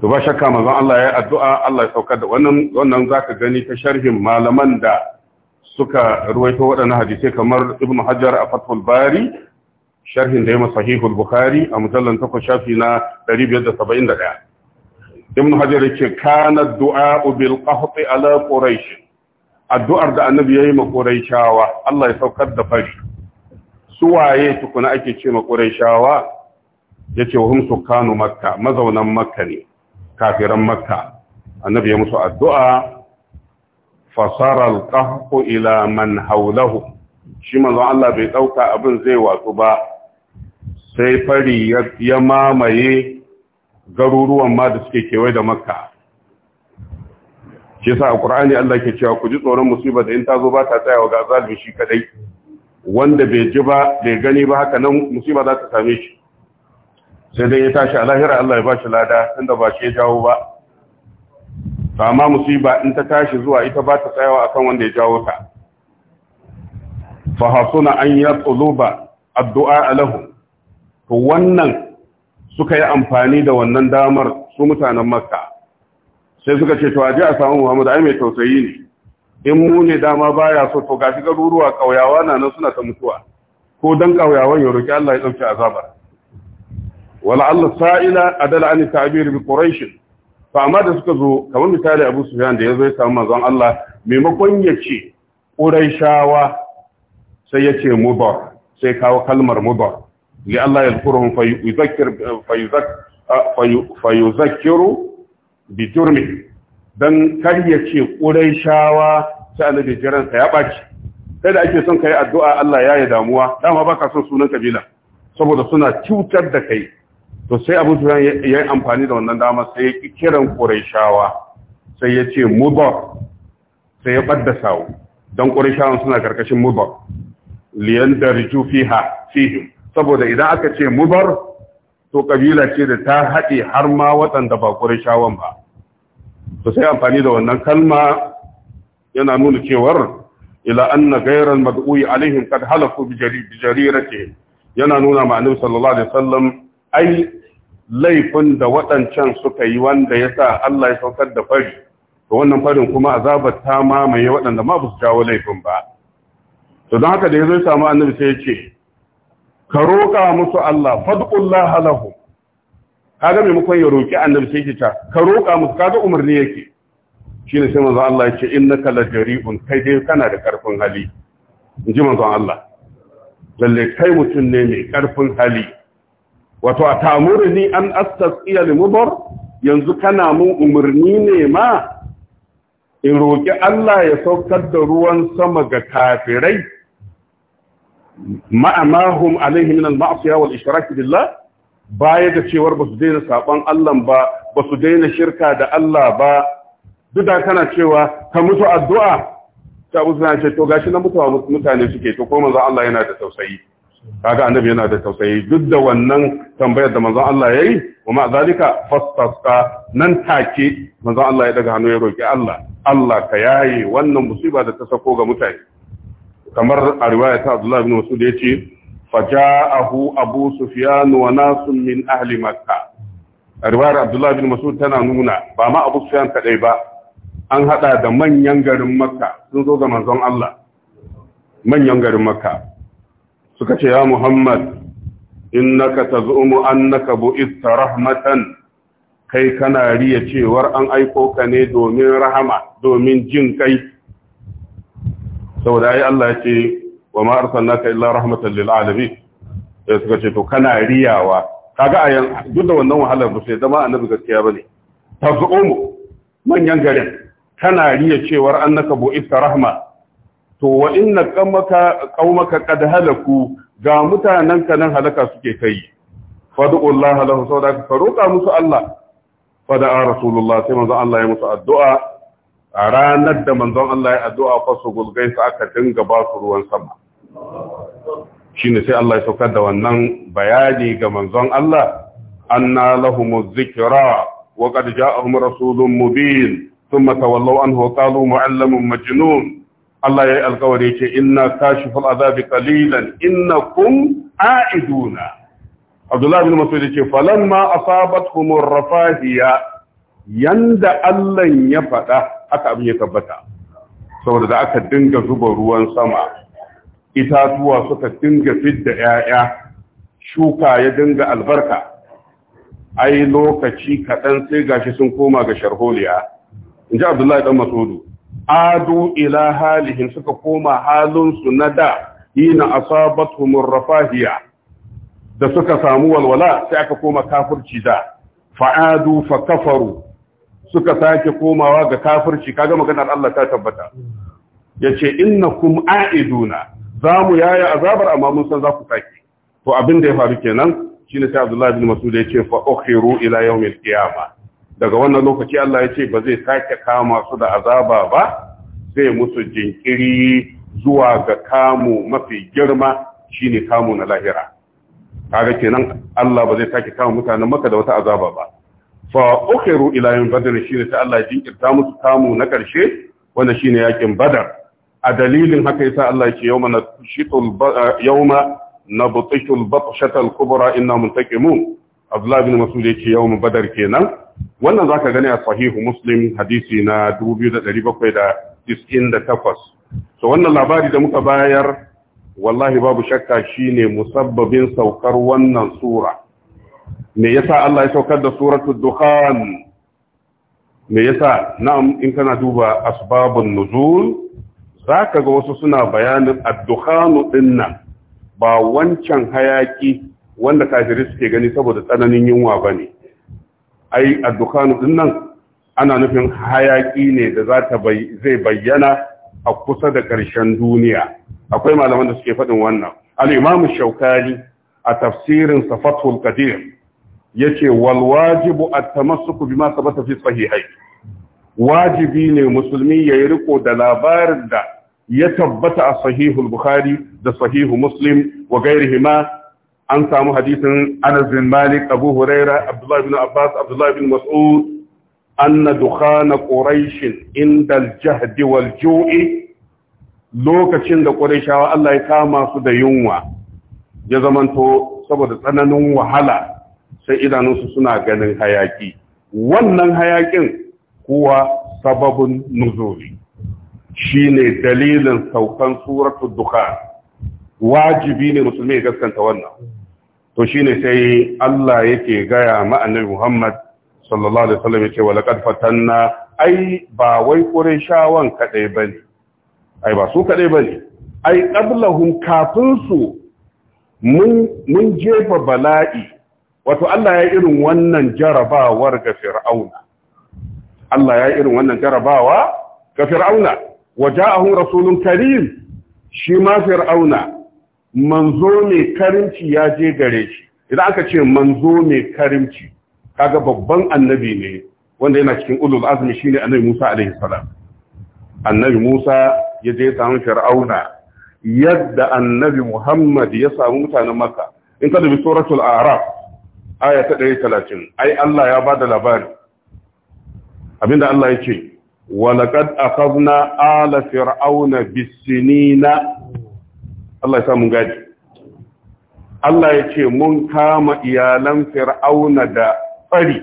to ba shakka manzon Allah ya addu'a Allah ya saukar da wannan wannan zaka gani ta sharhin malaman da suka ruwaito waɗannan hadisai kamar Ibn Hajar a Fathul Bari sharhin da ya Sahihul Bukhari a mujallan 8 shafi na 571 Ibn Hajar yake kana du'a bil qaht ala quraish addu'ar da annabi ya yi ma ƙuraishawa Allah ya saukar da fari su waye tukuna ake ce ma ƙuraishawa ya ce wa hunsu kanu makka mazaunan makka ne kafiran makka annabi ya musu addu'a fasarar ƙahu ila man haulahu shi mazan Allah bai ɗauka abin zai watsu ba sai fari ya mamaye garuruwan ma da suke kewaye da makka ke sa a ƙura'ani Allah ke cewa ku ji tsoron musibar da in ta zo ba ta tsayawa ga zalimi shi kadai wanda bai ji ba bai gani ba haka nan musiba za ta same shi sai dai ya tashi a lahira Allah ya ba shi lada inda ba shi ya jawo ba to amma musiba in ta tashi zuwa ita ba ta tsayawa akan wanda ya jawo ta fa hasuna an yatluba addu'a lahum to wannan suka yi amfani da wannan damar su mutanen makka sai suka ce to aje a samu Muhammad ai mai tausayi ne in mu ne dama baya so to gashi garuruwa kauyawa na nan suna ta mutuwa ko dan kauyawan ya roki Allah ya dauke azabar wala Allah sa'ila adala an ta'bir bi quraish fa amma da suka zo kamar misali Abu Sufyan da yazo ya samu mazan Allah maimakon ya ce quraishawa sai ya ce Mubar. sai kawo kalmar Mubar. ya Allah ya zkuruhum fa yuzakkir bi dan kar ya ce quraishawa sai annabi sa ya baci sai da ake son ka yi addu'a Allah ya yi damuwa dama baka son sunan kabila saboda suna cutar da kai to sai abu sufyan ya yi amfani da wannan dama sai ya kiran quraishawa sai ya ce Mubar sai ya badda sawu don quraishawan suna ƙarƙashin Mubar. liyan darju fiha fihim saboda idan aka ce Mubar, to ƙabila ce da ta haɗe har ma waɗanda ba quraishawan ba to sai amfani da wannan kalma yana nuna cewar ila anna ghayral mad'u'i alaihim qad halaku bi jarirati yana nuna ma annabi sallallahu alaihi wasallam ai laifin da waɗancan suka yi wanda ya sa Allah ya saukar da fari da wannan farin kuma azabar ta mamaye waɗanda ma ba su jawo laifin ba to don haka da ya zo samu annabi sai ya ce ka roƙa musu Allah lahalahu. Ka ga maimakon ya roƙi annabi sai ya ka roƙa musu ka ga umarni yake ne sai manzon Allah ya ce kala kai dai kana da ƙarfin hali in ji manzon Allah lalle kai mutum ne mai karfin hali wato a Tamuri ni an iya limubar yanzu kana mun umarni ne ma in roƙi Allah ya saukar da ruwan sama ga kafirai ma'amahum alaihi min ma'asiya masiya wal ishrak billah baya da cewar ba su daina saɓon Allah ba, ba su daina shirka da Allah ba, duk da kana cewa ka mutu addu'a, ta suna ce, to gashi na mutuwa mutane suke, to ko manzo Allah yana da tausayi. kaga annabi yana da tausayi duk da wannan tambayar da manzon Allah yayi wa ma zalika fastasqa nan take manzon Allah ya daga hannu ya roki Allah Allah ka yayi wannan musiba da ta sako ga mutane kamar a riwaya ta Abdullah ibn Mas'ud yace faja'ahu Abu Sufyan wa nasun min ahli Makkah a riwayar Abdullah ibn Mas'ud tana nuna ba ma Abu Sufyan kadai ba an hada da manyan garin Makkah sun zo ga manzon Allah manyan garin Makkah suka ce ya Muhammad innaka tazumu annaka bu'itha rahmatan kai kana riya cewar an aiko ka ne domin rahama domin jin kai saboda ai Allah ya ce wa ma arsalnaka illa rahmatan lil alamin sai suka ce to kana riyawa kaga a yanzu duk da wannan wahalar ba sai zama annabi gaskiya bane tazumu manyan garin kana riya cewar annaka bu'itha rahma to wa inna qaumaka qaumaka qad halaku ga mutanen ka nan halaka suke kai fad'ullaha lahu saudaka faruka musu Allah fada rasulullah sai manzon Allah ya musu addu'a a ranar da manzon Allah ya addu'a fa su gulgai su aka dinga ba su ruwan sama shine sai Allah ya saukar da wannan bayani ga manzon Allah anna lahumuz zikra وقد جاءهم رسول مبين ثم تولوا عنه وقالوا معلم مجنون Allah ya yi alkawari ce inna fal azabi inna innakum a'iduna Abdullah bin Mas'ud ya ce falamma asabatkumur rafahiya yanda Allah ya faɗa haka abin ya tabbata saboda da aka dinga zuba ruwan sama itatuwa suka dinga fidda 'ya'ya, shuka ya dinga albarka ai lokaci kaɗan sai gashi sun koma ga sharholiya in ji Abdullahi ɗan Mas'udu adu ila halihin suka koma halinsu na da ina asabatuhumur rafahiya da suka samu walwala sai aka koma kafirci da fa'adu fa kafaru suka sake komawa ga kafirci kaga maganar Allah ta tabbata yace innakum a'iduna zamu yaya azabar amma mun san za ku sake to abin da ya faru kenan shine sai Abdullah bin Mas'ud yace fa ukhiru ila yawmil qiyamah daga wannan lokaci Allah ya ce ba zai sake kama su da azaba ba zai musu jinkiri zuwa ga kamu mafi girma shine kamu na lahira kaga kenan Allah ba zai sake kama mutanen maka da wata azaba ba fa ukhiru ila yawm badr shine sai Allah jinkirta musu kamu na karshe wanda shine yakin badar a dalilin haka yasa Allah ce yawma nashitul yawma nabtishu batshatal kubra inna muntaqimun Abdullah bin Mas'ud ce yawm badar kenan wannan za ka gani a sahihu muslim hadisi na 2798 so wannan labari da muka bayar wallahi babu shakka shi shine musabbabin saukar wannan sura me yasa Allah ya saukar da suratul dukhan me yasa na'am in kana duba asbabun nuzul zaka ga wasu suna bayanin ad-dukhanu dinnan ba wancan hayaki wanda kafiri suke gani saboda tsananin yunwa bane ai a din nan ana nufin hayaki ne da za ta zai bayyana a kusa da ƙarshen duniya akwai malaman da suke faɗin wannan al shaukari a tafsirin safatul qadir yace wal wajibu at-tamassuku bima sabata fi sahihai wajibi ne musulmi yayi riko da labarin da ya tabbata a sahihul bukhari da sahihu muslim wa gairihima an samu hadisin Anas bin Malik Abu Huraira Abdullah bin Abbas Abdullahi bin Mas'ud anna dukhana quraish inda al wal-ju'i lokacin da quraishawa Allah ya kama su da yunwa ya zamanto saboda tsananin wahala sai idanunsu suna ganin hayaki wannan hayakin kuwa nuzuri. Shi shine dalilin saukan suratul duka. wajibi ne musulmi ya gaskanta wannan to shine sai Allah yake gaya ma annabi Muhammad sallallahu alaihi wasallam yace wa laqad fatanna ai ba wai qurayshawan kadai bane ai ba su kadai bane ai qablahum kafin su mun mun jefa bala'i wato Allah ya irin wannan jarabawar ga fir'auna Allah ya irin wannan jarabawa ga fir'auna waja'ahu rasulun karim shi ma fir'auna manzo mai karimci ya je gare shi idan aka ce manzo mai karimci kaga babban annabi ne wanda yana cikin ulul azmi shine annabi Musa alaihi salam annabi Musa ya je samu Fir'auna yadda annabi Muhammad ya samu mutanen Makka in ka dubi suratul a'raf aya ta 130 ai Allah ya ba da labari abinda Allah ya ce wa laqad akhadna ala fir'auna bis-sinina Allah ya mun gadi Allah ya ce mun kama iyalan fir'auna da fari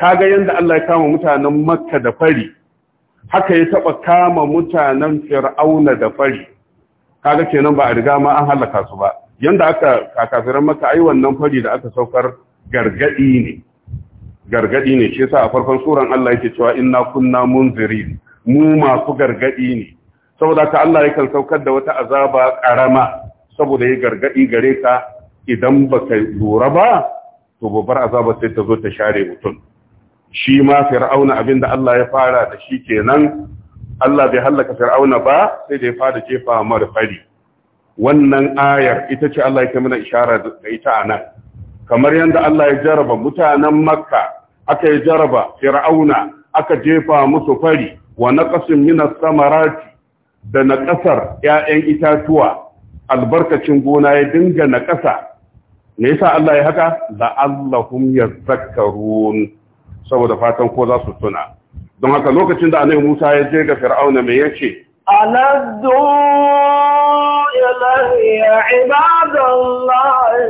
kaga yanda Allah ya kama mutanen makka da fari haka ya taɓa kama mutanen fir'auna da fari kaga kenan ba a riga ma an halaka su ba yanda aka kafiran makka ai wannan fari da aka saukar gargadi ne gargadi ne shi yasa a farkon suran Allah yake cewa inna kunna munzirin mu masu gargadi ne saboda ta Allah yakan saukar da wata azaba karama saboda ya gargaɗi gare ka idan baka lura ba to babbar azaba sai ta zo ta share mutum shi ma fir'auna abin da Allah ya fara da shi kenan Allah bai hallaka fir'auna ba sai da ya fara jefa mara fari wannan ayar ita ce Allah yake mana ishara da ita anan kamar yadda Allah ya jaraba mutanen Makka aka ya jaraba fir'auna aka jefa musu fari wa naqasin minas samarati da na ƙasar ‘ya'yan itatuwa albarkacin gona ya dinga na ƙasa, me yasa Allah ya haka? La'allahum ya zakarun, saboda fatan ko za su tuna. Don haka lokacin da Annabi Musa ya je ga Fir'auna me yace, ألدوا إلي عباد الله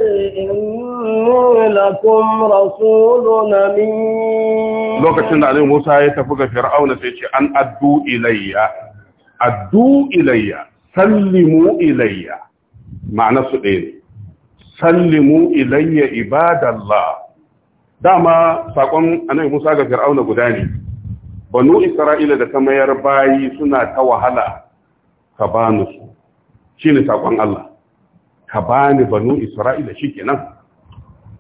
Lokacin da رسول Musa ya tafi ga Fir'auna sai ce an addu ilayya addu ilayya sallimu ilayya ma'ana su ɗaya ne sallimu ilayya ibadallah dama sakon annabi Musa ga Fir'auna guda ne banu Isra'ila da ta mayar bayi suna ta wahala ka bani su shine sakon Allah ka bani banu Isra'ila shikenan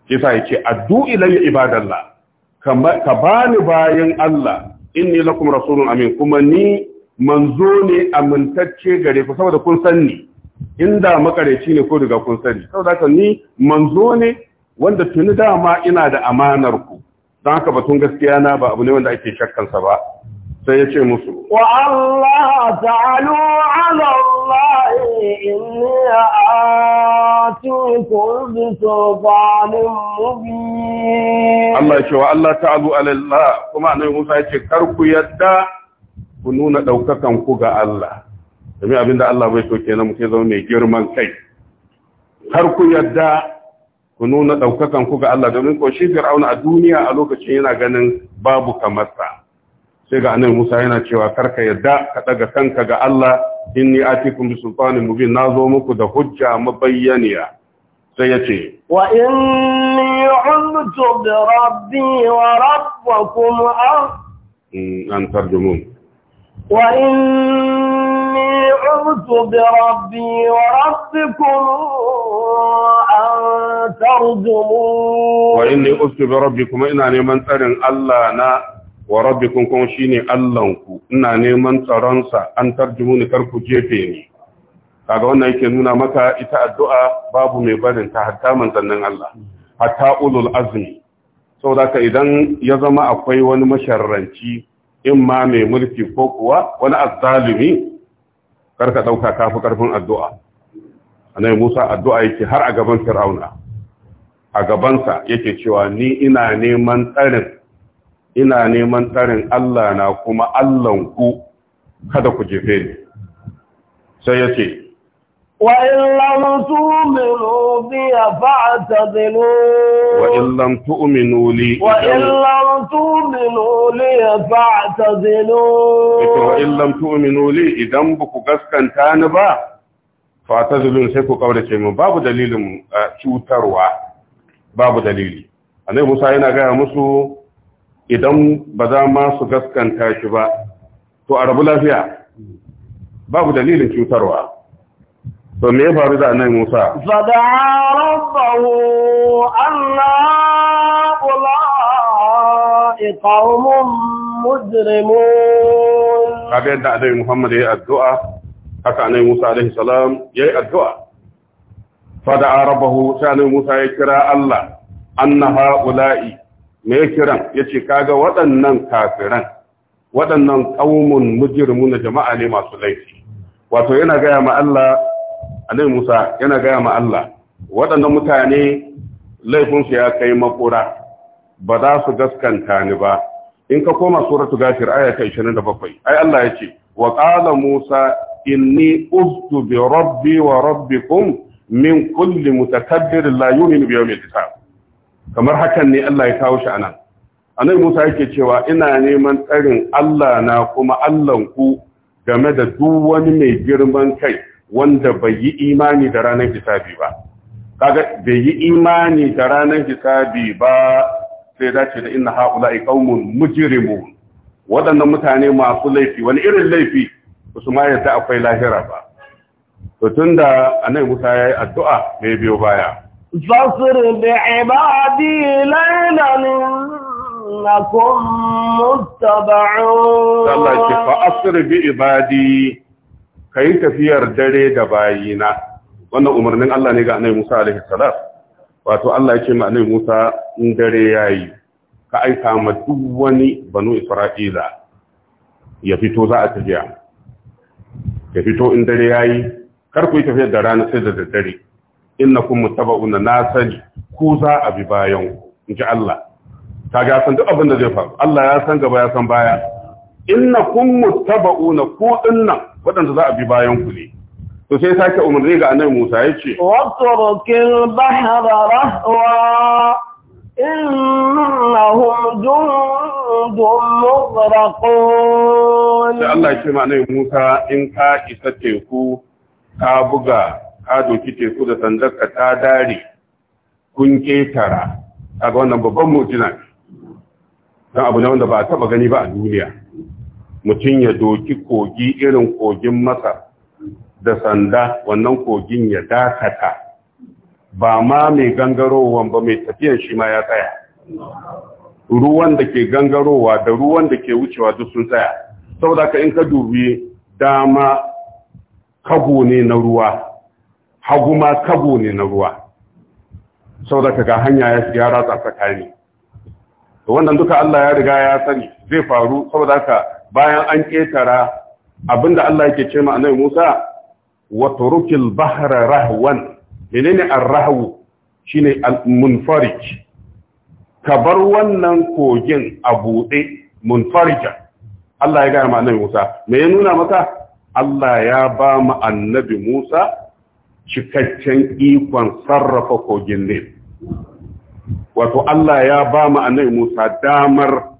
yasa yake addu ilayya ibadallah ka bani bayan Allah inni lakum rasulun amin kuma ni manzo ne amintacce gare ku saboda kun san ni inda makareci ne ko daga kun sani saboda haka ni manzo ne wanda tuni dama ina da amanar ku don haka batun gaskiya na ba abu ne wanda ake shakkan sa ba sai ya ce musu wa Allah ta'alu ala Allah inni atukum bi sultanin mubin Allah ya ce wa Allah ta'alu ala Allah kuma annabi Musa ya ce kar ku yadda ku nuna ɗaukakan ku ga Allah abin abinda Allah bai so kenan mutum zama mai girman kai har ku yadda ku nuna ɗaukakan ku ga Allah domin ko shi Fir'auna a duniya a lokacin yana ganin babu kamar sa sai ga annabi Musa yana cewa karka yadda ka ɗaga kanka ga Allah inni atikum bi sultanin mubin nazo muku da hujja mabayyaniya sai ya ce. wa inni u'udtu bi rabbi wa rabbakum an mm, tarjumun وإني عذت بربي وربكم أن ترجمون وإني عذت بربكم إنا نمن ترن الله نا وربكم كم شيني اللهنكو إنا نمن ترنسا أن كركو kaga wannan yake nuna maka ita addu'a babu mai barin ta hatta manzannin Allah hatta ulul azmi saboda ka idan ya zama akwai wani masharranci in ma mai mulki ko kuwa wani azzalumi karka dauka kafi karfin addu'a anai Musa addu'a yake har a gaban Fir'auna a gabansa yake cewa ni ina neman tsarin ina neman tsarin Allah na kuma Allahnku kada ku jefe ni sai yace وإن لم تؤمنوا لي فاعتزلوا وإن لم تؤمنوا لي إذن بكو غسكن تانبا فاعتزلوا نسيكو قولة شيء باب دليل شوتروا باب دليل أنا موسى هنا قال مسو إذن بدا ما ma su gaskanta shi ba to a rabu lafiya babu to me ya faru da annabi Musa fada rabbahu Allah ulai qaumun mujrimun da yadda annabi Muhammad ya addu'a haka annabi Musa alaihi salam yayi addu'a fada rabbahu sai annabi Musa ya kira Allah anna haula'i me kiran yace kaga waɗannan kafiran waɗannan qaumun mujrimun jama'a ne masu laifi wato yana gaya ma Allah annabi Musa yana gaya ma Allah waɗannan mutane laifinsu ya kai makura ba za su gaskanta ni ba in ka koma suratu gafir aya ta 27 ai Allah ya ce wa qala Musa inni uztu bi rabbi wa rabbikum min kulli mutakabbirin la yu'minu bi yawmil hisab kamar hakan ne Allah ya kawo shi anan annabi Musa yake cewa ina neman tsarin Allah na kuma Allahn ku game da duk wani mai girman kai wanda bai yi imani da ranar hisabi ba kaga bai yi imani da ranar hisabi ba sai dace da inna haula'i qaumun mujrimun waɗannan mutane masu laifi wani irin laifi su ma yadda akwai lahira ba to tunda annabi Musa yayi addu'a mai biyo baya fasir bi ibadi laylan innakum muttaba'un Allah ki fa asir bi ibadi ka yi tafiyar dare da bayina wannan umarnin Allah ne ga annabi Musa alaihi salam wato Allah ya ce ma annabi Musa in dare yayi ka aika ma duk wani banu Isra'ila ya fito za a tafiya ya fito in dare yayi kar ku yi tafiyar da rana sai da daddare innakum muttaba'un na sani ku za a bi bayan ku inji Allah Ta ga san duk abin da zai faru Allah ya san gaba ya san baya innakum muttaba'una ku dinnan waɗanda za a bi bayan ku ne to sai sake umarni ga annabi Musa ya ce watrukil bahra rahwa innahum jundun mughraqun sai Allah ya ce ma annabi Musa in ka isa teku ka buga ka doki teku da sandarka ta dare kun ketara kaga wannan babban mu'jiza ne dan abu ne wanda ba a taba gani ba a duniya mutum ya doki kogi irin kogin masa da sanda wannan kogin ya dakata ba ma mai gangarowar ba mai tafiyan shi ma ya tsaya ruwan da ke gangarowa da ruwan da ke wucewa duk sun tsaya saboda ka in ka dubi dama kago ne na ruwa hagu ma kago ne na ruwa saboda ka ga hanya ya ratsa tsakani wannan duka Allah ya riga ya sani zai faru saboda ka bayan an ƙetara abinda Allah yake ce ma Musa, Musa wa bahara bahra rahwan ne a rahu shine ne munfarij ka bar wannan kogin a buɗe munfarija Allah ya gaya ma Musa me ya nuna maka Allah ya ba annabi Musa cikakken ikon sarrafa kogin ne wato Allah ya ba ma'anai Musa damar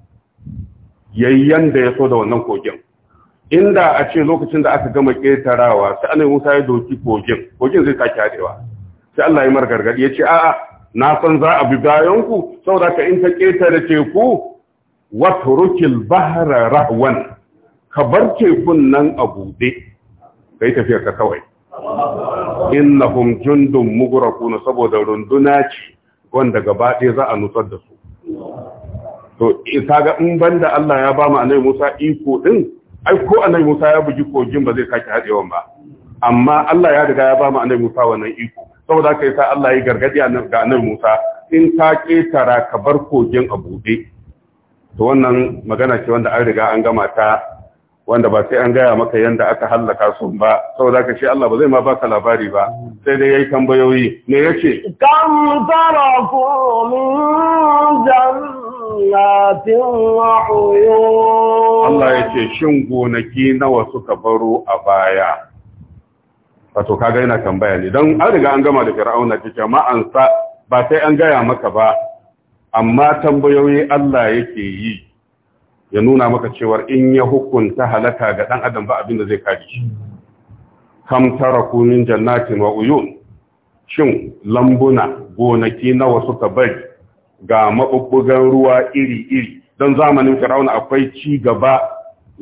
yayi yanda ya so da wannan kogin inda a ce lokacin da aka gama ketarawa sai annabi Musa ya doki kogin kogin zai sake hadewa sai Allah ya mara gargadi ya ce a'a na san za a bi bayan ku saboda ka in ta ketare teku watrukil bahra rahwan ka bar tekun nan a buɗe. kai tafiya ka kawai innahum jundum mughraquna saboda runduna ce wanda gaba ɗaya za a nutsar da su to eh, kaga in banda Allah ya ba mu annabi Musa iko din ai ko annabi Musa ya bugi kogin ba zai sake hadewan ba amma Allah ya riga ya ba mu annabi Musa wannan iko saboda haka yasa Allah ya gargadi ga annabi Musa in ka ketara ka bar kogin a bude to wannan magana ce wanda an riga an gama ta wanda ba sai an gaya maka yanda aka hallaka su ba saboda haka shi Allah ba zai ma baka labari ba sai dai yayi tambayoyi ne yace kam taraku min jannatin wa Allah ya yace shin gonaki nawa suka baro a baya ka kaga yana tambaya ne don an riga an gama da fir'auna ta jama'ansa ba sai an gaya maka ba amma tambayoyi Allah yake yi ya nuna maka cewar in ya hukunta halaka ga ɗan adam ba abin da zai kaji kam taraku min jannatin wa uyun shin lambuna gonaki nawa suka bari ga mabubbugan ruwa iri-iri don zamanin Fir'auna akwai ci gaba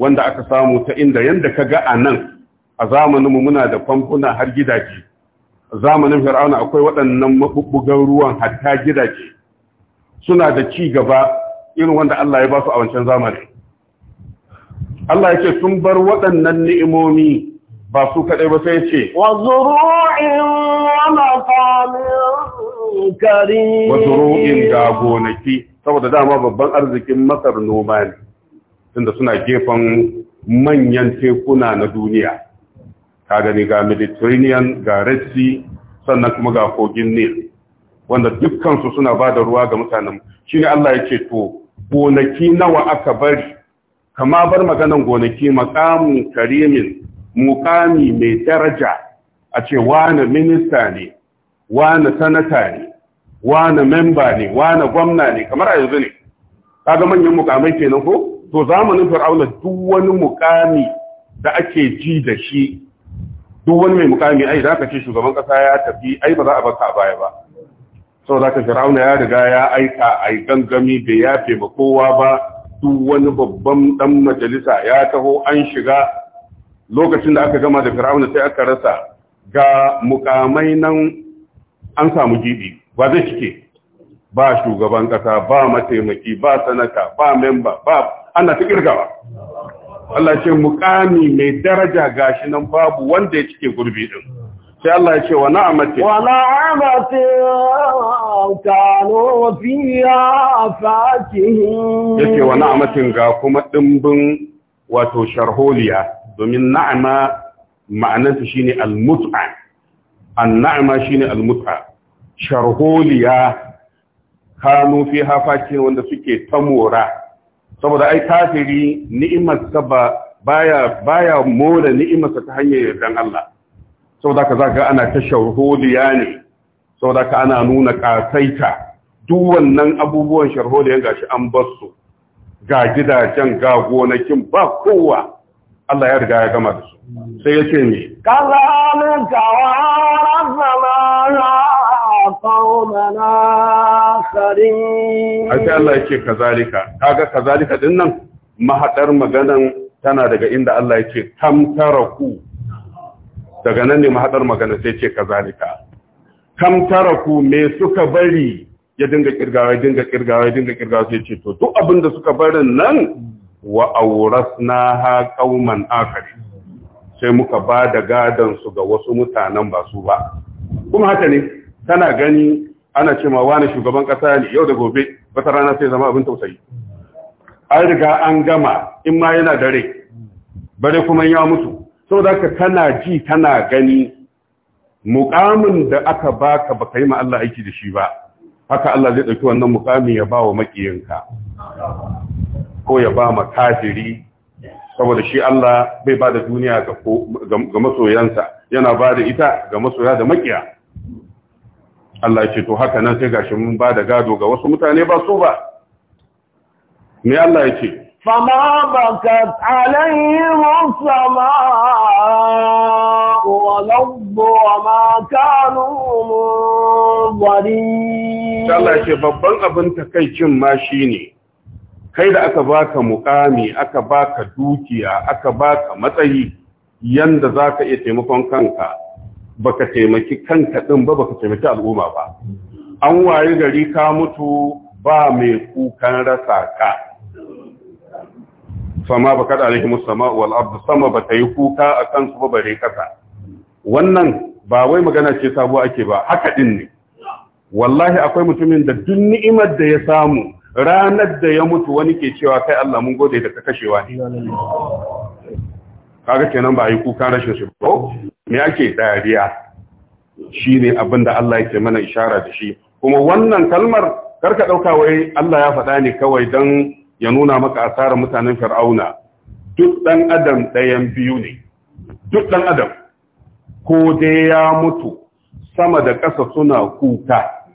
wanda aka samu ta inda yanda ka ga a nan a zamaninmu muna da famfuna har gidaje zamanin Fir'auna akwai waɗannan mabubbugan ruwan hatta gidaje suna da ci gaba irin wanda Allah ya ba su a wancan zamani Allah yake sun bar waɗannan ni'imomi ba su kadai ba sai ce wa zuru'in ga gonaki saboda dama babban arzikin masar noma ne tunda suna gefen manyan tekuna na duniya ka gani ga mediterranean ga red sea sannan kuma ga kogin nil wanda dukkansu suna ba da ruwa ga mutanen shi ne allah ya ce to gonaki nawa aka bari kama bar maganan gonaki makamun karimin mukami mai daraja a ce wane minista ne wane sanata ne wane memba ne wane gwamna ne kamar a yanzu ne kaga manyan mukamai kenan ko to zamanin fir'auna duk wani mukami da ake ji da shi duk wani mai mukami ai zaka ce shugaban kasa ya tafi ai ba za a baka baya ba saboda ka fir'auna ya riga ya aika ai gangami bai yafe ba kowa ba duk wani babban dan majalisa ya taho an shiga lokacin da aka gama da fir'auna sai aka rasa ga mukamai nan an samu gidi ba zai cike ba shugaban kasa ba mataimaki ba sanata ba memba ba ana cikin kirgawa Allah ce mukami mai daraja gashi nan babu wanda ya cike gurbi din sai Allah ya ce wa na'amati wa na'amati kanu fiya fatihi yake wa na'amatin ga kuma dimbin wato sharholiya domin na'ama ma'anarsa shine al-mut'a an-na'ama shine al-mut'a sharholiya kanu fi hafakin wanda suke tamora saboda ai kafiri ni'imarsa ba baya baya more ni'imarsa ta hanyar yardan Allah saboda ka zaka ana ta sharholiya ne saboda ka ana nuna kasaita duk wannan abubuwan sharholiyan gashi an bar su ga gidajen ga gonakin ba kowa Allah ya riga ya gama da su sai ya ce ne kazalika wa rabbana qaumana sarin ai Allah yake kazalika kaga kazalika dinnan mahadar maganan tana daga inda Allah yake tamtaraku daga nan ne mahadar magana sai ce kazalika tamtaraku me suka bari ya dinga kirgawa dinga kirgawa dinga kirgawa sai ce to duk abin da suka barin nan wa ha qauman akari sai muka ba da gadon su ga wasu mutanen ba su ba kuma haka ne tana gani ana cewa wani shugaban kasa ne yau da gobe wata rana sai zama abin tausayi an riga an gama in ma yana dare bare kuma ya mutu saboda ka tana ji tana gani mukamin da aka baka baka yi ma Allah aiki da shi ba haka Allah zai ɗauki wannan mukamin ya ba wa makiyinka ko ya ba makafiri saboda shi Allah bai ba da duniya ga masoyansa yana ba da ita ga masoya da makiya Allah ce to haka nan sai gashi mun ba da gado ga wasu mutane ba su ba me Allah ya ce فما بكت wa ma kanu وما wari Allah ya ce babban abin takaicin ma shine kai da aka baka mukami aka baka dukiya aka baka matsayi yanda zaka iya taimakon kanka baka taimaki kanka din ba baka taimaki al'umma ba an wayi gari ka mutu ba mai kukan rasa ka sama baka da alaihi musama wal ard sama ta yi kuka akan su ba bare kasa wannan ba wai magana ce sabo ake ba haka din ne wallahi akwai mutumin da duk ni'imar da ya samu ranar da ya mutu wani ke cewa kai Allah mun gode da ka kashewa ne kaga kenan ba yi kuka rashin shi ba me ake dariya shine abin da Allah yake mana ishara da shi kuma wannan kalmar karka ɗauka wai Allah ya faɗa ne kawai dan ya nuna maka asarar mutanen Fir'auna duk dan adam ɗayan biyu ne duk dan adam ko dai ya mutu sama da ƙasa suna kuka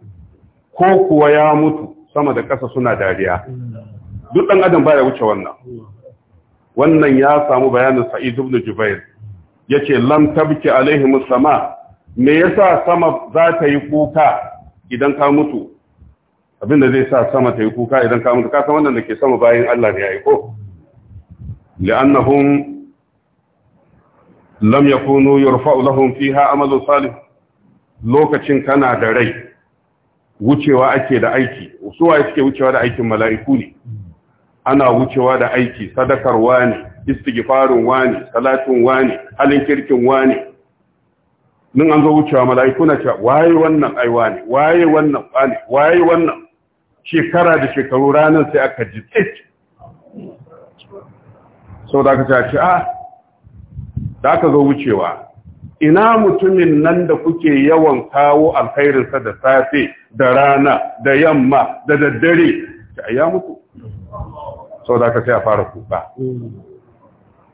ko kuwa ya mutu sama da ƙasa suna dariya duk ɗan adam baya wuce wannan wannan ya samu bayanin sa'id ibn jubair yace lam tabki alaihim sama me yasa sama za ta yi kuka idan ka mutu abinda zai sa sama ta yi kuka idan ka mutu ka san wannan da ke sama bayan Allah ne yayi ko li'annahum lam yakunu yurfa'u lahum fiha amalu salih lokacin kana da rai wucewa ake da aiki suwaye suke wucewa da aikin mala'iku ne ana wucewa da aiki sadakarwa ne istighfarun wani salatun wani halin kirkin wani nin an zo wucewa mala'iku na cewa waye wannan aiwa ne waye wannan wani waye wannan shekara da shekaru ranar sai aka ji tsit sau da aka ce a ah, da aka zo wucewa ina mutumin nan da kuke yawan kawo alkhairinsa da safe da rana da yamma da daddare ta ya mutu sau da aka sai fara kuka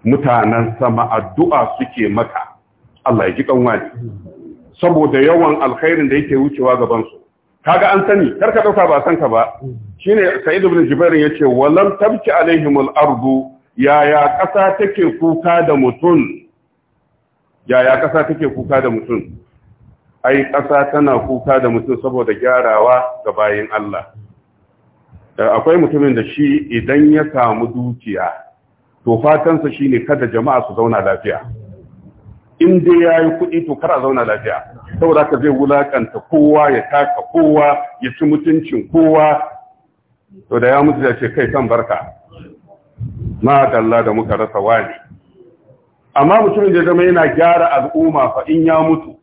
mutanen sama addu'a suke maka Allah ya ji kanwani saboda yawan alkhairin da yake wucewa gabansu kaga an sani karka ɗauka ba san ka ba shine sa'id ibn ya yace walam tabki alaihimul al-ardu yaya ƙasa take kuka da mutum? yaya ƙasa take kuka da mutum ai ƙasa tana kuka da mutum saboda gyarawa ga bayin Allah eh, akwai mutumin da shi idan ya samu dukiya to fatansa shine kada jama'a su zauna lafiya in dai yayi kuɗi to kar a zauna lafiya saboda ka zai wulakanta kowa ya taka kowa ya ci mutuncin kowa to da ya mutu da ce kai san barka ma dalla da muka rasa wani amma mutumin da zama yana gyara al'umma fa in ya mutu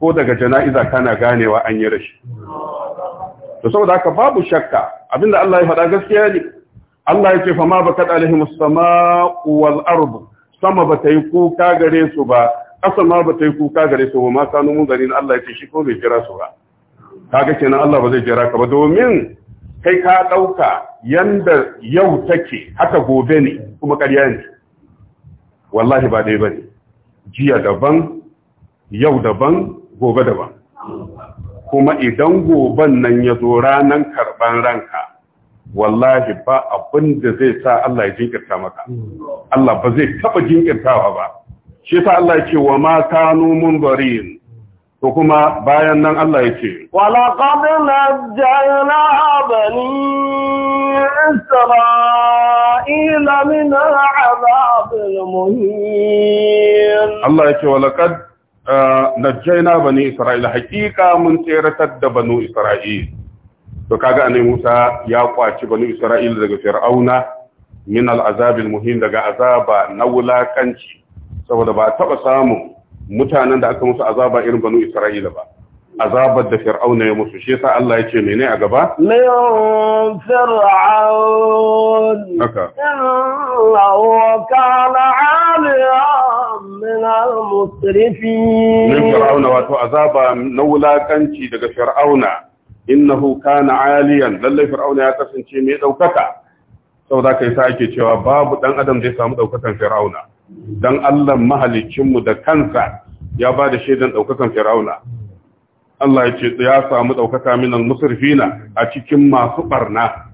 ko daga jana'iza kana ganewa an yi rashi to saboda haka babu shakka abinda Allah ya faɗa gaskiya ne Allah ya ce fa ma bakat alaihim as-samaa'u wal ardu sama bata yi kuka gare su ba kasa ma bata yi kuka gare su ba ma kanu mun gari Allah ya ce shi ko bai jira su ba kaga kenan Allah ba zai jira ka ba domin kai ka ɗauka yanda yau take haka gobe ne kuma ƙarya ne wallahi ba dai bane jiya daban yau daban gobe daban kuma idan goben nan ya zo ranar karban ranka wallahi ba abin da zai sa Allah ya jinkirta maka Allah ba zai taba jinkirtawa ba shi ta Allah ya ce wa ma kanu barin to kuma bayan nan Allah ya ce wala qad najjayna abani إسرائيل من العذاب المهين الله يكي ولقد نجينا بني إسرائيل حقيقة من تيرتد بنو إسرائيل فكاقا أن موسى يقوى بنو إسرائيل ذا فرعون من العذاب المهين ذا عذاب نولا كنشي saboda ba taɓa samun mutanen da aka musu azaba irin banu Isra'ila ba azabar da fir'auna ya musu shi yasa Allah ya ce mene a gaba min fir'aun haka kana aliyan min al-musrifin fir'auna wato azaba na wulakanci daga fir'auna innahu kana aliyan lalle fir'auna ya kasance mai daukaka saboda kai sa ake cewa babu dan adam da ya samu ɗaukakan fir'auna dan Allah mahalicinmu da kansa ya ba da shaidan ɗaukakan fir'auna Allah ya ce ya samu ɗaukaka minan musrifina a cikin masu ɓarna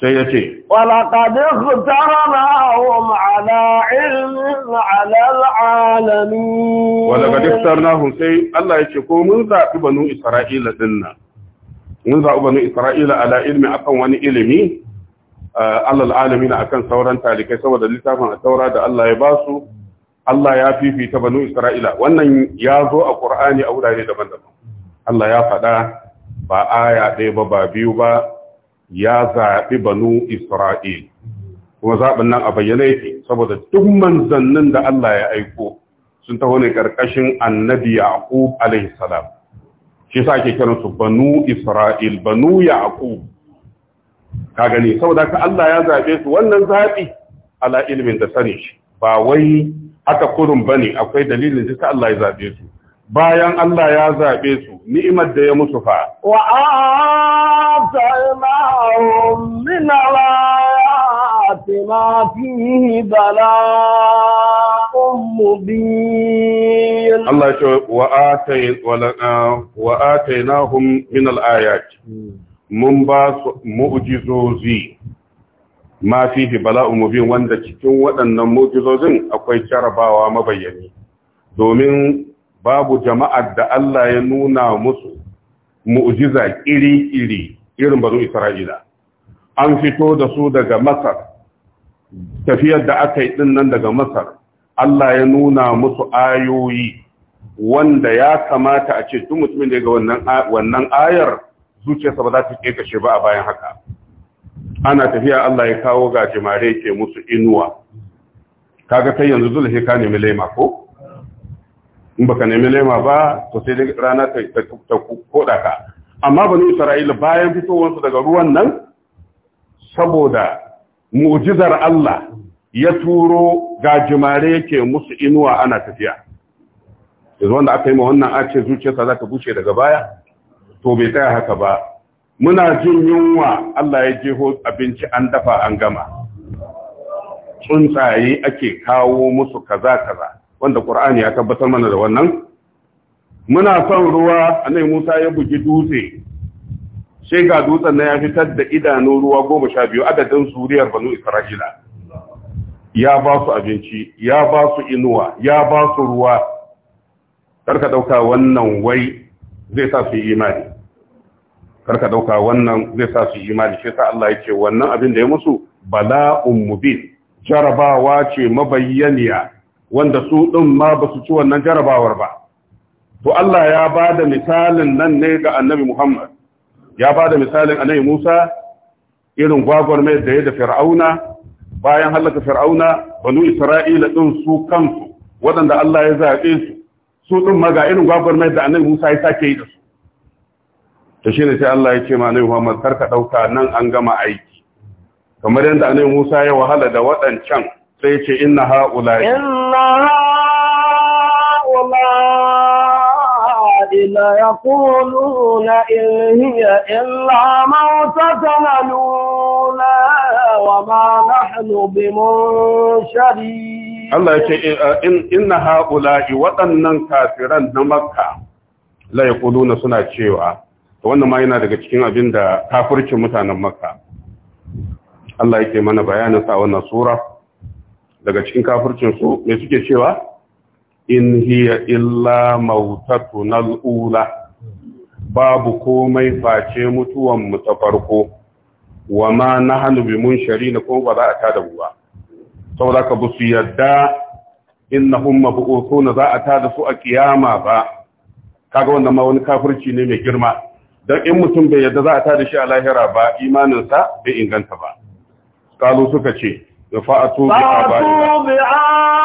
sai ya ce walaƙadin hutarana wa ma'ala ilmin alal'alami walaƙadin sarnahun sai Allah ya ce ko mun zaɓi banu isra'ila dinna. mun zaɓi banu isra'ila ala ilmi akan wani ilimi eh, alal'alami na akan sauran talikai saboda littafin a taura da Allah ya ba su Allah ya fifita banu isra'ila wannan ya zo a ƙur'ani a wurare daban-daban Allah ya faɗa ba aya ɗaya ba ba biyu ba ya zaɓi banu Isra'il kuma zaɓin nan a bayyane yake saboda duk manzannin da Allah ya aiko sun taho ne ƙarƙashin annabi Yaqub alaihi salam shi sa ake kiransu banu Isra'il banu Yaqub ka gani saboda ka Allah ya zaɓe su wannan zaɓi ala ilimin da sani shi ba wai haka kurun bane akwai dalilin da Allah ya zaɓe su bayan Allah ya zaɓe su ni'imar da ya musu fa. Wa atainahum min al ma fihi mubin. Allah ce ah, hmm. mun ba su mu'jizozi ma fihi bala mubin wanda cikin waɗannan mu'jizozin akwai jarabawa mabayyani domin babu jama'ar da Allah ya nuna musu mu'jiza iri-iri irin bazu Isra'ila an fito da su daga Masar tafiyar da aka yi din nan daga Masar Allah ya nuna musu ayoyi wanda ya kamata a ce duk mutumin da ya ga wannan wannan ayar zuciyarsa ba za ta kashe ba a bayan haka ana tafiya Allah ya kawo ga jimare ke musu inuwa kaga kai yanzu zulhi ka nemi laima, ko in baka nemi lema ba to sai dai rana ta ta amma bani Isra'ila bayan fitowar su daga ruwan nan saboda mu'jizar Allah ya turo gajimare yake musu inuwa ana tafiya yanzu wanda aka yi ma wannan a ce zuciyarsa za ta bushe daga baya to bai taya haka ba muna jin yunwa Allah ya jeho abinci an dafa an gama tsuntsaye ake kawo musu kaza kaza wanda Qur'ani ya tabbatar mana da wannan muna son ruwa annabi Musa ya bugi dutse sai ga dutsen na ya fitar da idanun ruwa goma sha biyu adadin zuriyar banu Isra'ila ya ba su abinci ya ba su inuwa ya ba su ruwa karka dauka wannan wai zai sa su imani karka dauka wannan zai sa su imani shi sa Allah ya wannan abin da ya musu bala'un mubin jarabawa ce mabayyaniya wanda su ɗin ma ba su ci wannan jarabawar ba to Allah ya ba da misalin nan ne ga annabi Muhammad ya ba da misalin annabi Musa irin gwagwarmai da ya da fir'auna bayan halaka fir'auna banu isra'ila ɗin su kansu waɗanda Allah ya zaɓe su su ɗin ma ga irin gwagwarmai da annabi Musa ya sake yi da su to shine sai Allah ya ce ma annabi Muhammad kar ka ɗauka nan an gama aiki kamar yadda annabi Musa ya wahala da waɗancan sai ya ce inna ha'ula'i يقولون إن هي إلا موتتنا الأولى وما نحن بمنشرين الله يقول إن, إن هؤلاء وطنن كافران نمكة لا يقولون سنة شيوة wannan ma yana daga cikin abin da kafircin mutanen makka Allah yake mana bayanin sa daga cikin kafircin su mai suke cewa in hiya illa mautatuna al'ula babu komai face mutuwan mu ta farko wa ma nahnu bi munshari na kuma ba za a tada ba saboda ka busu yadda innahum na za a tada su a kiyama ba kaga wannan ma wani kafirci ne mai girma dan in mutum bai yadda za a tada shi a lahira ba imaninsa bai inganta ba kalu suka ce fa'atu bi aba'ina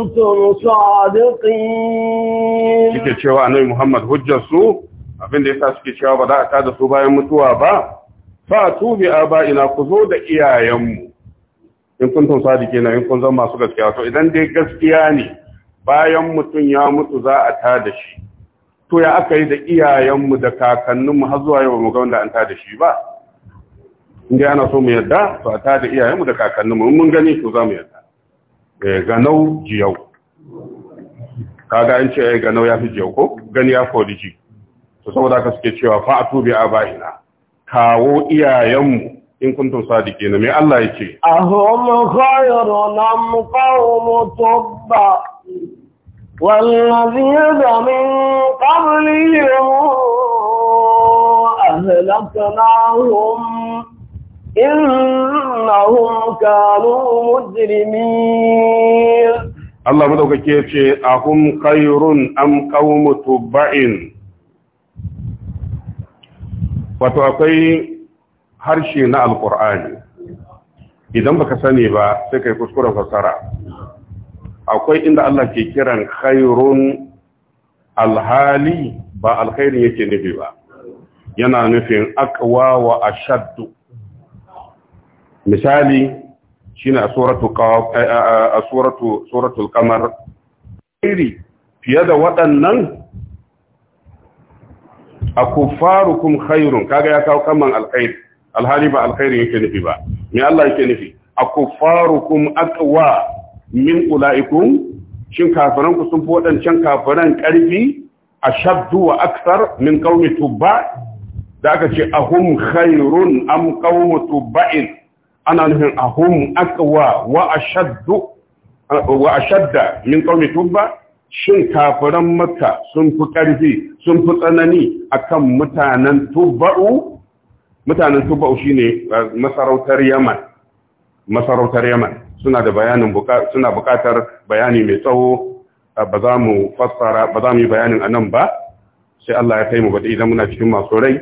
kuntum sadiqin suke cewa annabi Muhammad hujjar su abin da yasa suke cewa ba za a tada su bayan mutuwa ba fa tubi aba'ina ku zo da iyayenmu in kuntum sadiqin in kun zama masu gaskiya to idan dai gaskiya ne bayan mutum ya mutu za a tada shi to ya aka yi da iyayenmu da kakanninmu har zuwa yau mu ga wanda an tada shi ba inda ana so mu yadda to a tada iyayenmu da kakanninmu mun gani to za mu yadda Eh, ganau jiyau kaga an ce eh, ganau ya fi jiyau ko gani ya kori ji to saboda ka suke cewa fa'atu bi abaina kawo iyayenmu in kuntum sadiqina me Allah yake ahum khayrun am qawm tubba wallazina min qablihim mụ. innahum kanu mujrimin Allah madaukake ce ahum khairun am qaumu tubba'in wato akwai harshe na alqur'ani idan baka sani ba sai kai kuskuren fasara akwai inda Allah ke kiran khairun alhali ba alkhairin yake nufi ba yana nufin akwa wa ashaddu misali shine a eh, eh, eh, a suratu suratul qamar iri fiye da waɗannan a kuffarukum khairun kaga ya kawo kaman alkhair alhali ba alkhair yake nufi ba me Allah yake nufi a kuffarukum aqwa min ulaikum shin kafiran ku sun fi waɗancan kafiran ƙarfi ashaddu wa akthar min qaumi tubba da aka ce ahum khairun am qaumu tubba'in ana nufin ahum aqwa wa a shadda ashadda min qaumi tubba shin kafiran maka sun fi karfi sun fi tsanani akan mutanen tubba'u mutanen tubba'u shine uh, masarautar yaman masarautar yaman suna da bayanin suna bukatar bayani mai tsawo uh, ba za mu fassara ba za mu yi bayanin anan ba sai Allah ya kai mu bada idan muna cikin masu rai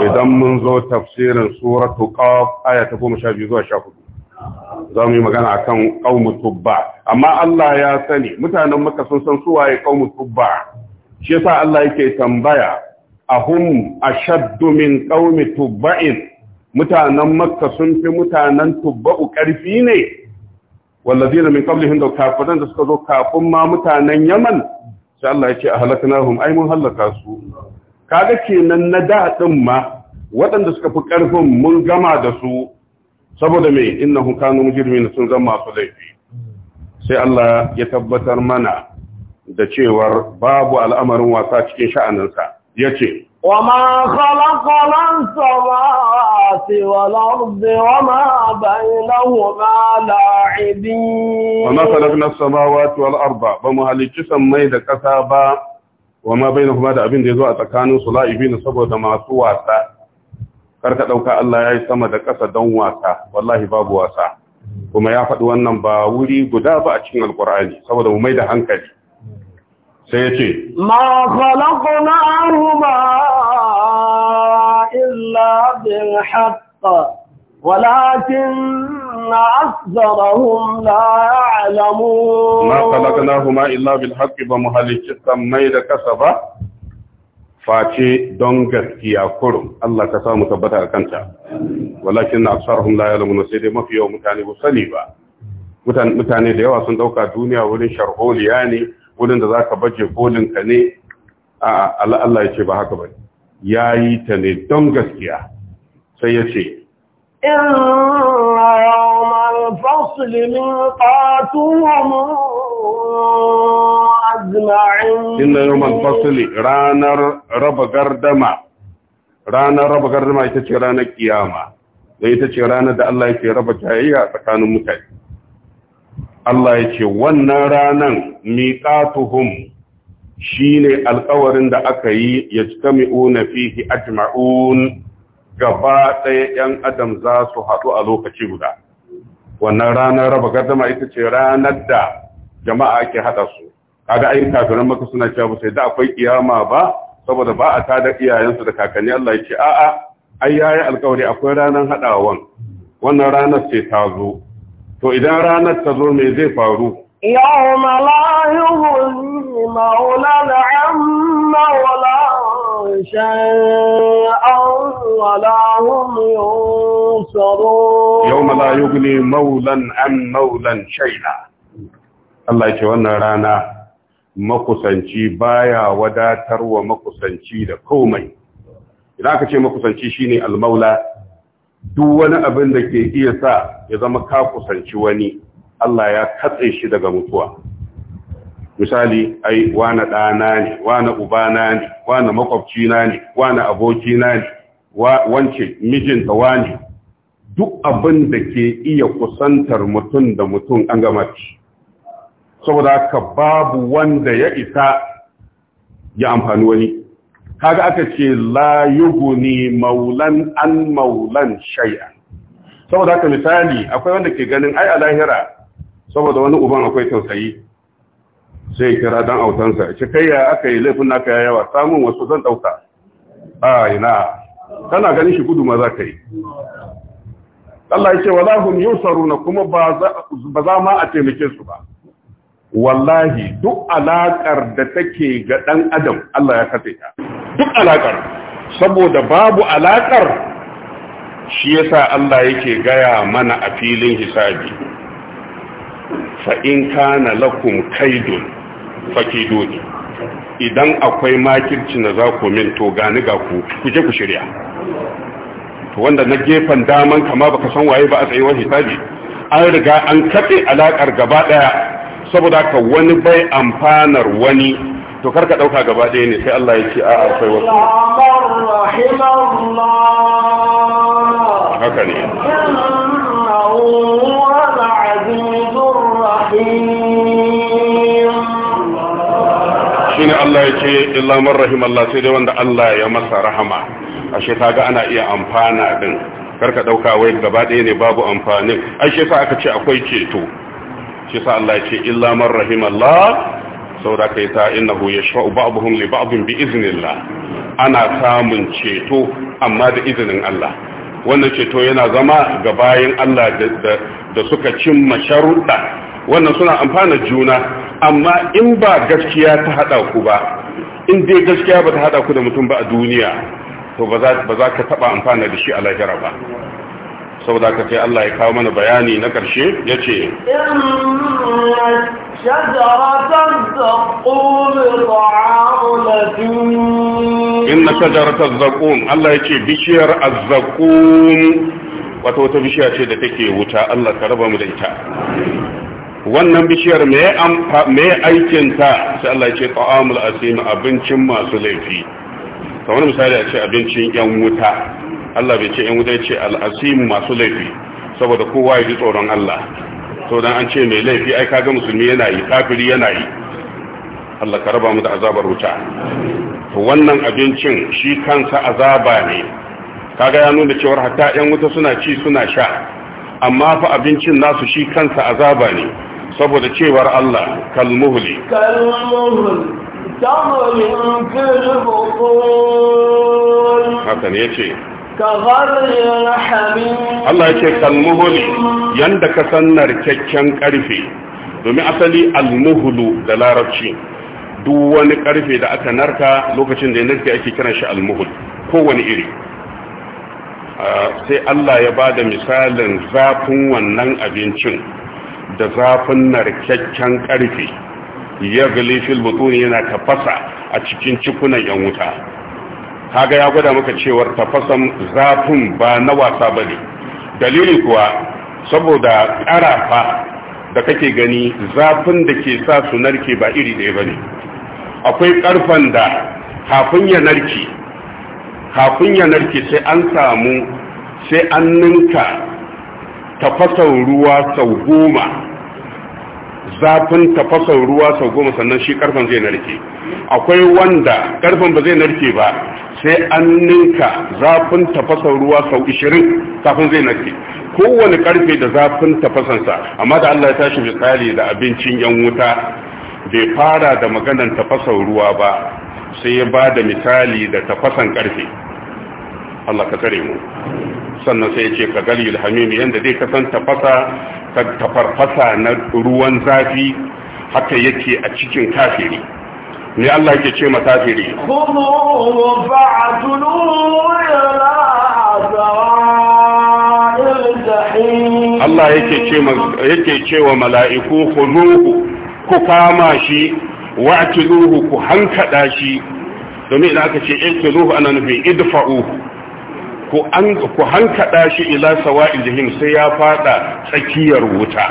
idan mun zo tafsirin suratu qaf aya ta 12 zuwa 14 za mu yi magana akan qaumu tubba amma Allah ya sani mutanen maka sun san su waye qaumu tubba shi yasa Allah yake tambaya ahum ashaddu min qaumi tubba'in mutanen Makka sun fi mutanen tubba'u karfi ne wallazina min qablihim da kafiran da suka zo kafin ma mutanen Yaman sai Allah yake ahlaknahum ay mun halaka su kaga kenan na da din ma waɗanda suka fi ƙarfin mun gama da su saboda mai innahum kanu mujrimin sun zama masu laifi sai Allah ya tabbatar mana da cewar babu al'amarin wasa cikin sha'aninsa yace وما خلق السماوات والأرض وما بينهما لاعبين ba mu السماوات والأرض da سمي ba. wa ma bai kuma da abin da ya zo a tsakanin su saboda masu wasa karka ɗauka Allah ya yi sama da ƙasa don wasa wallahi babu wasa kuma ya faɗi wannan ba wuri guda ba a cikin alkur'ani saboda mu mai da hankali sai ya ce ma khalaqna huma illa bil haqq walakin أكثرهم لا يعلمون ما خلقناهما إلا بالحق بمهلك سمي da kasa ba face don gaskiya kurum Allah ka samu tabbata a kanta walakin aksarhum la ya'lamuna sai dai mafi yawan mutane ba sani ba mutane da yawa sun ɗauka duniya wurin sharholiya ne wurin da zaka baje kolin ka ne a Allah ya ce ba haka ba yayi ta ne don gaskiya sai ya ce إن يوم الفصل ميقاتهم أجمعين إن يوم الفصل رانر رب قردما ranar raba gardama ita ce ranar kiyama da ita ce ranar da Allah yake raba jayayya tsakanin mutane Allah ya ce wannan ranar miƙatuhum ne alƙawarin da aka yi ya ci kami'una fihi ajma'un gaba ɗaya ‘yan adam za su haɗu a lokaci guda wannan ranar raba gardama ita ce ranar da jama'a ake haɗa su kaga ayin kafinan maka suna cewa ba sai da akwai kiyama ba saboda ba a tada iyayensu da kakanni Allah ya ce a'a ai yayi alƙawari akwai ranar haɗawan wannan ranar ce ta zo to idan ranar ta zo me zai faru يوم لا يغني مولى Yau هم ينصرون يوم لا يغني مولا عن مولا ce wannan rana makusanci baya wadatarwa makusanci da komai idan aka ce makusanci shine almaula duk wani abin da ke iya sa ya zama ka kusanci wani Allah ya katse shi daga mutuwa misali ai wane ɗana ne uba na ne makwabci na ne wane abokina ne wance mijinta wani duk abin da ke iya kusantar mutum da mutum an gama ci saboda haka babu wanda ya isa ya amfani wani kaga aka ce layuguni yuguni maulan an maulan shay'a saboda haka misali akwai wanda ke ganin ai a lahira saboda wani uban akwai tausayi sai kira don autansa ce kai ya aka yi laifin naka yawa samun wasu zan dauka a ina kana ganin shi gudu ma za ka yi Allah ya ce wala yusaruna kuma ba za ma a taimake su ba wallahi duk alakar da take ga dan adam Allah ya kace ta duk alakar saboda babu alakar shi yasa Allah yake gaya mana a filin hisabi fa in kana lakum kaidun fakiduni idan akwai makirci na za ku min to gani ga ku ku ku shirya to wanda na gefen daman kama baka san waye ba a tsayuwar hisabi an riga an kafe alakar gaba daya saboda ka wani bai amfanar wani to karka dauka gaba daya ne sai Allah ya ce a akwai wasu haka ne shine Allah ya ce illa man rahim Allah sai dai wanda Allah ya masa rahama ashe kaga ana iya amfana din karka dauka wai gaba ɗaya ne babu amfanin ashe sa aka ce akwai ceto shi sa Allah ya ce illa man rahim Allah saboda kai ta innahu yashfa'u ba'dhum li ba'dhin bi iznillah ana samun ceto amma da izinin Allah wannan ceto yana zama ga bayin Allah da suka cimma sharuɗa wannan suna amfana juna amma in ba gaskiya ta haɗa ku ba in dai gaskiya ba ta haɗa ku da mutum ba a duniya to ba za ka taɓa amfana da shi a lahira ba saboda ka sai Allah ya kawo mana bayani na ƙarshe ya ce inna shajaratar zaƙun Allah ya ce bishiyar azzaƙun wata wata bishiya ce da take wuta Allah ka raba mu da ita wannan bishiyar me me aikin ta sai Allah ya ce ta'amul asim abincin masu laifi kamar misali a ce abincin yan wuta Allah bai ce yan wuta ya ce al masu laifi saboda kowa ya ji tsoron Allah to dan an ce mai laifi ai kaga musulmi yana yi kafiri yana yi Allah ka raba mu da azabar wuta wannan abincin shi kansa azaba ne kaga ya nuna cewa hatta yan wuta suna ci suna sha amma fa abincin nasu shi kansa azaba ne saboda cewar Allah kalmuhli kalmuhli hakan ya ce Allah ya ce kalmuhuli yanda ka sannar kyakken ƙarfe, domin asali almuhulu da larabci duk wani karfe da aka narka lokacin da ya narke ake kiran shi almuhul kowane iri ah, sai Allah ya ba da misalin zafin wannan abincin da zafin narkakken ƙarfe, ya galifil butuni yana tafasa a cikin cikunan yan wuta kaga ya gwada maka cewar tafasan zafin ba na wasa ba ne. dalili kuwa saboda ƙarafa da kake gani zafin da ke sa su narke ba iri ɗaya ba ne. akwai ƙarfen da kafin ya narke kafin ya narke sai an samu sai an ninka tafasan ruwa sau goma zafin tafasan ruwa sau goma sannan shi karfan zai narke akwai wanda karfan ba zai narke ba sai an ninka zafin tafasan ruwa sau 20 kafin zai narke kowane karfe da zafin tafasansa amma da Allah ya tashi misali da abincin yan wuta bai fara da maganan tafasan ruwa ba sai ya ba da misali da tafasan karfe Allah ka tsare mu sannan sai ce ka galil hamimi yadda zai ka san tafasa ka na ruwan zafi haka yake a cikin kafiri ne Allah yake ce makafiri kuma fa'atulu ila sawa'il jahim Allah yake ce wa mala'iku ku nuhu ku kama shi wa'tuluhu ku hankada shi domin idan aka ce irtuluhu ana nufin idfa'uhu ko an ku hankada shi ila sawa'il jahim sai ya fada tsakiyar wuta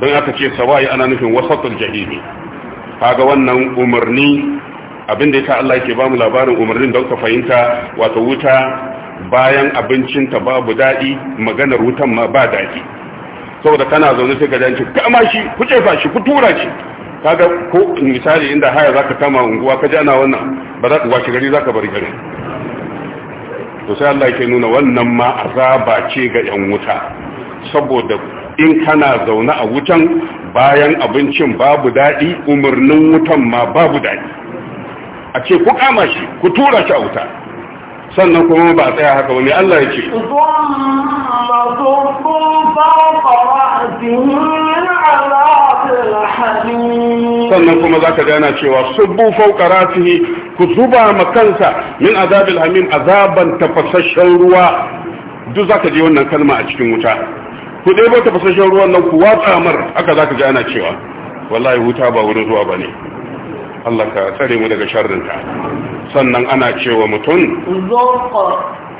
don aka ce sawa'i ana nufin wasatul jahim kaga wannan umarni abinda yasa Allah yake bamu labarin umarnin don ka fahimta wato wuta bayan abincin ta babu dadi maganar wutan ma ba dadi saboda kana zaune sai ka janci kama shi ku jefa shi ku tura shi kaga ko misali inda haya zaka kama unguwa ka ji ana wannan ba za ka wace gari zaka bari gari to sai Allah ke nuna wannan ma azaba ce ga yan wuta saboda in kana zaune a wutan bayan abincin babu daɗi umarnin wutan ma babu daɗi a ce ku kama shi ku tura shi a wuta sannan kuma ba tsaya haka wani Allah ya ce ثم sannan kuma zaka gana cewa subbu fawqa rasihi ku zuba ma kansa min azabil hamim azaban tafassashen ruwa duk zaka ji wannan kalma a cikin wuta ku debo tafassashen ruwan nan ku watsa mar haka zaka ji ana cewa wallahi wuta ba wurin zuwa bane Allah ka tsare mu daga sharrinta sannan ana cewa mutum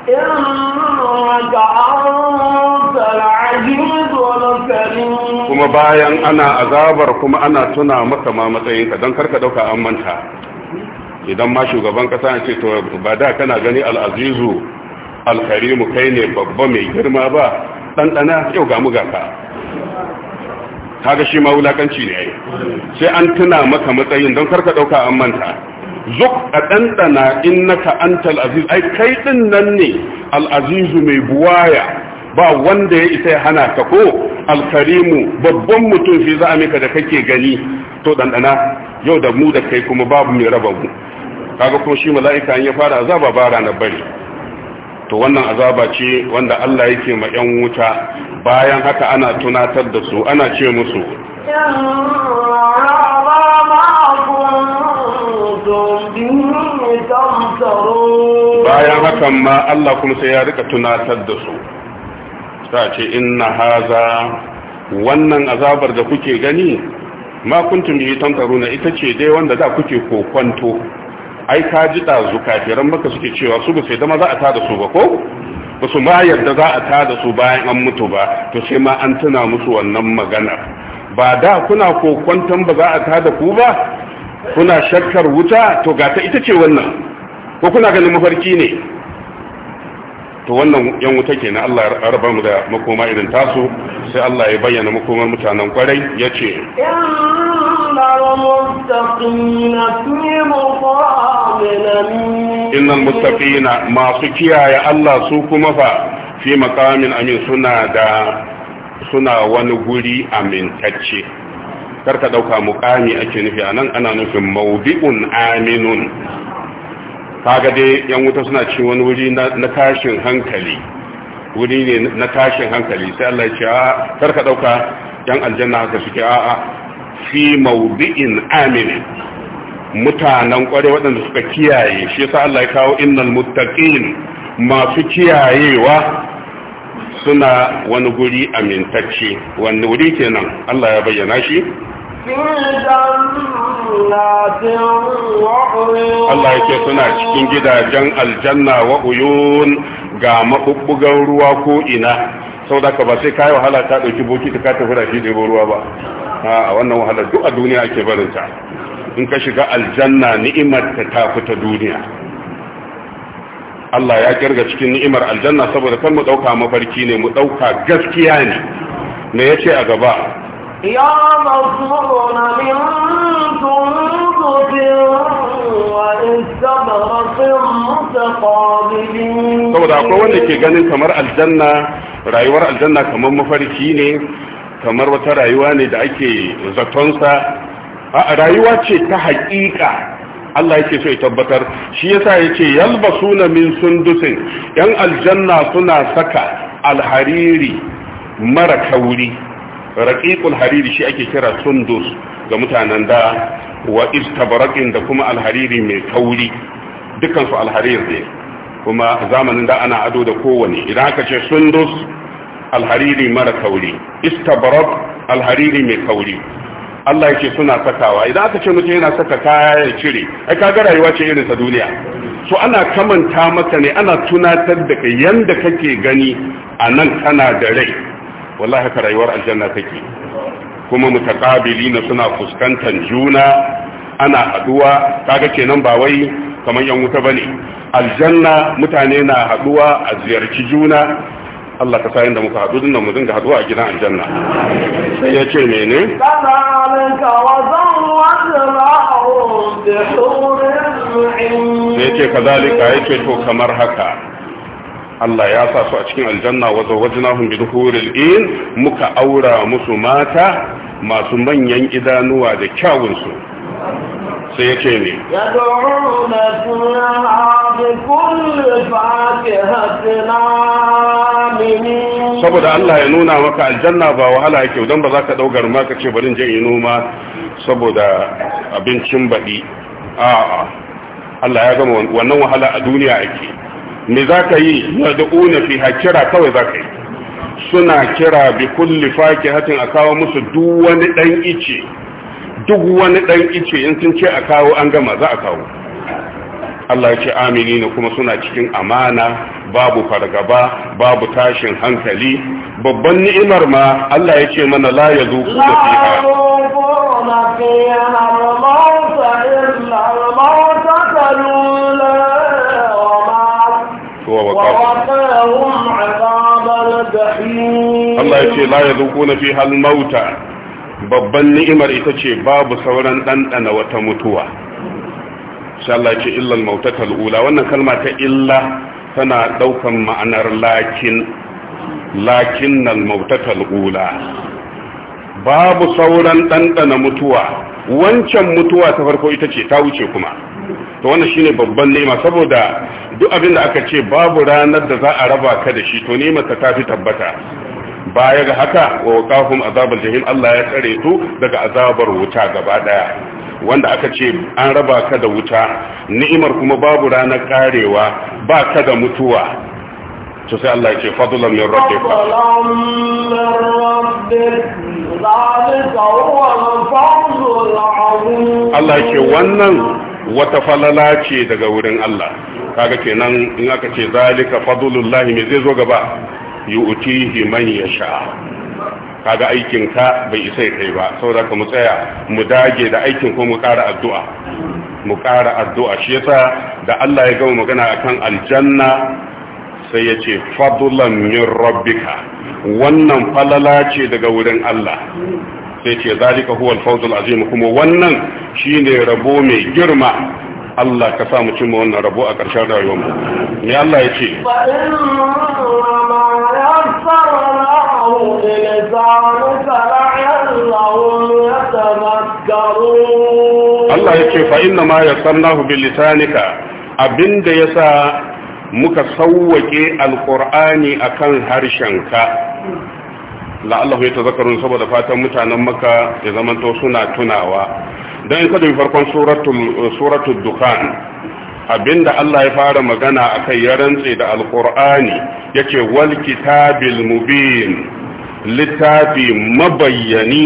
إنك أنت العزيز الكريم kuma bayan ana azabar kuma ana tuna maka ma matsayinka don karka dauka an manta idan ma shugaban kasa ce to ba da kana gani al'azizu alkarimu kai ne babba mai girma ba ɗanɗana yau ga Ta kaga shi ma wulakanci ne sai an tuna maka matsayin don karka dauka an manta zuk a ɗanɗana innaka antal aziz ai kai ɗin nan ne al'azizu mai buwaya ba wanda ya isa ya hana ka ko alkarimu babban mutum fi mika da kake gani to dandana yau da mu da kai kuma babu mai raba mu kaga ko shi mala'ika an ya fara azaba ba rana bari to wannan azaba ce wanda Allah yake ma yan wuta bayan haka ana tunatar da su ana ce musu bayan hakan ma Allah kuma sai ya rika tunatar da su sa ce inna haza wannan azabar da kuke gani ma kuntum yi tantaruna ita ce dai wanda da kuke kokwanto ai ka ji ɗazu kafiran maka suke cewa su ba sai dama za a tada su ba ko ba su ma yadda za a tada su bayan an mutu ba to sai ma an tuna musu wannan magana ba da kuna kokwanton ba za a tada ku ba kuna shakkar wuta to ga ta ita ce wannan ko kuna ganin mafarki ne to wannan yan wuta na Allah ya raba mu da makoma irin tasu sai Allah ya bayyana makomar mutanen kwarai ya ce innal muttaqina masu kiyaye Allah su kuma fa fi maqamin amin suna da suna wani guri amintacce karka dauka muqami ake nufi anan ana nufin Maudi'un aminun kaga dai yan wuta suna ci wani wuri na tashin hankali wuri ne na tashin hankali sai Allah ya ce a karka dauka yan aljanna haka suke a a fi mawdi'in amin mutanen kware waɗanda suka kiyaye shi yasa Allah ya kawo innal muttaqin masu kiyayewa suna wani guri amintacce wani wuri kenan Allah ya bayyana shi Allah yake suna cikin gidajen aljanna wa uyun ga mabubbugan ruwa ko ina sau da ka ba sai kayi wahala ta ɗauki boki ta kata fura shi ɗebo ruwa ba a wannan wahala duk a duniya ake barinta in ka shiga aljanna ni'imar ta ta duniya Allah ya kirga cikin ni'imar aljanna saboda kan mu ɗauka mafarki ne mu ɗauka gaskiya ne me yace a gaba يا مصرون من تنظف واستبرق متقابلين saboda akwai wanda ke ganin kamar aljanna rayuwar aljanna kamar mafarki ne kamar wata rayuwa ne da ake zatonsa a rayuwa ce ta haƙiƙa Allah yake so ya tabbatar shi yasa yake yalbasuna min sundusin yan aljanna suna saka alhariri mara kauri raqiqul hariri shi ake kira sundus ga mutanen da wa istabarakin da kuma alhariri mai kauri dukan su alharir ne kuma zamanin da ana ado da kowane idan aka ce sundus alhariri mara kauri istabarak alhariri mai kauri Allah ya ce suna sakawa idan aka ce mutum yana saka kaya ya cire ai kaga rayuwa ce irin ta duniya so ana kamanta maka ne ana tunatar da kai yanda kake gani a nan kana da rai wallahi ka rayuwar aljanna take kuma mutaqabilina suna fuskantar juna ana haduwa kaga kenan ba wai kamar yan wuta bane aljanna mutane na haduwa a ziyarci juna Allah ka sayin da muka haɗu dinnan mu dinga haɗuwa a gidan aljanna sai ya ce mene sai ya ce kazalika ya ce to kamar haka Allah ya sa su a cikin aljanna wa zawajnahum bi duhuril in muka aura musu mata masu manyan idanuwa da kyawun su sai yake ne Ya yad'una fiha bi kulli saboda Allah ya nuna maka aljanna ba wahala yake dan ba za ka daugar ma ka ce bari je yi noma saboda abincin baɗi a'a Allah ya gama wannan wahala a duniya ake me za ka yi ya una fi kira kawai za ka yi suna kira bi kulli faki hatin a kawo musu duk wani ɗan ice duk wani dan ice in sun ce a kawo an gama za a kawo Allah ya ce amini ne kuma suna cikin amana babu fargaba babu tashin hankali babban ni'imar ma Allah ya ce mana la ya zuku da fiha ce la ya yazuquna fiha al-mauta babban ni'imar ita ce babu sauran dandana wata mutuwa insha Allah ce illa al-mautata ula wannan kalma ta illa tana daukan ma'anar lakin lakin nan mautata al-ula babu sauran dandana mutuwa wancan mutuwa ta farko ita ce ta wuce kuma to wannan shine babban nema saboda duk abin da aka ce babu ranar da za a raba ka da shi to ni'imar ta tafi tabbata baya ga haka wa waqahum azabar jahim Allah ya tsare su daga azabar wuta gaba daya wanda aka ce an raba ka da wuta ni'imar kuma babu ranar karewa ba ka da mutuwa to sai Allah ya ce fadlan min rabbika Allah ya ce wannan wata falala ce daga wurin Allah kaga kenan in aka ce zalika fadlullahi me zai zo gaba yu'tihi man yasha kaga aikin ka bai isa kai ba saboda ka mu tsaya mu dage da aikin ko mu ƙara addu'a mu ƙara addu'a shi yasa da Allah ya gama magana akan aljanna sai ya ce fadlan min rabbika wannan falala ce daga wurin Allah sai ce zalika huwa al-fawzul azim kuma wannan shine rabo mai girma Allah ka sa mu cimma wannan rabo a ƙarshen rayuwar mu me Allah ya ce Allah ya ce fa inna ma yasannahu bi lisanika abinda yasa muka sauwake alqur'ani akan harshenka la'allahu ya tazakarun saboda fatan mutanen maka ya zamanto suna tunawa don in kada farkon suratul dukan abinda Allah ya fara magana a kai ya rantse da alkur'ani ya ce wal kitabil mubin littafi mabayyani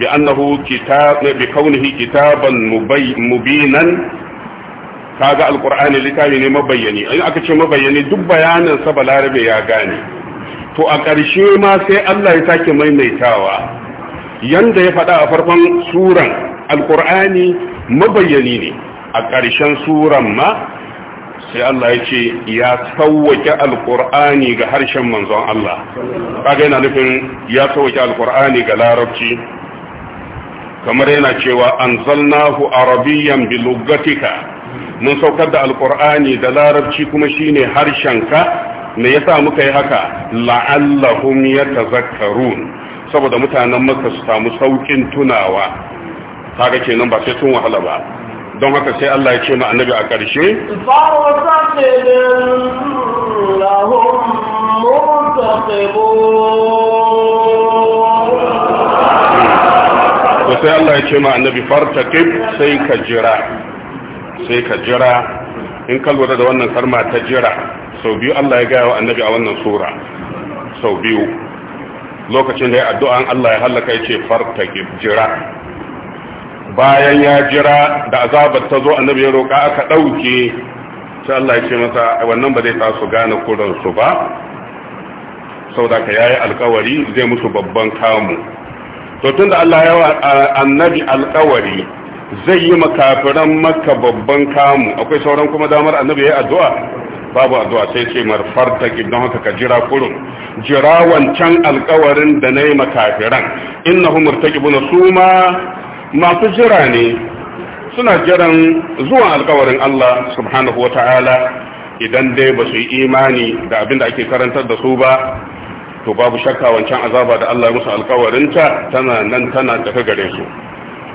bi annahu bi kaunihi kitaban mubinan kaga alkur'ani littafi ne mabayyani in aka ce mabayyani duk bayanin sa balarabe ya gane to a ƙarshe ma sai Allah ya sake maimaitawa yanda ya faɗa a farkon suran alƙur'ani mabayyani ne a ƙarshen suran ma sai Allah ya ce ya sauwake alƙur'ani ga harshen manzon Allah kaga yana nufin ya sauwake alkur'ani ga larabci kamar yana cewa anzalnahu arabiyyan bi lugatika mun saukar da alkur'ani da larabci kuma shine harshenka me yasa muka yi haka la'allahum yatazakkarun saboda mutanen makka su samu saukin tunawa kaga kenan ba sai sun wahala ba don haka sai Allah ya ce ma annabi a ƙarshe sai Allah ya ce ma annabi fartaqib sai ka jira sai ka jira in ka da wannan karma ta jira sau biyu Allah ya gaya wa annabi a wannan sura sau biyu lokacin da ya addu'an Allah ya hallaka ya ce farta jira bayan ya jira da azabar ta zo annabi ya roƙa aka ɗauke sai Allah ya ce masa wannan ba zai taso gane kuransu ba sau da ka yayi alkawari zai musu babban kamu to tun da Allah ya wa annabi alkawari zai yi makafiran maka babban kamu akwai sauran kuma damar annabi ya yi addu'a babu addu'a sai ce marfar da gidan haka ka jira kurun jira wancan alkawarin da na yi makafiran inna humar ta su ma masu jira ne suna jiran zuwa alkawarin Allah subhanahu ta'ala idan dai ba su yi imani da abin da ake karantar da su ba to babu shakka wancan azaba da Allah ya musu alkawarinta tana nan tana tafi gare su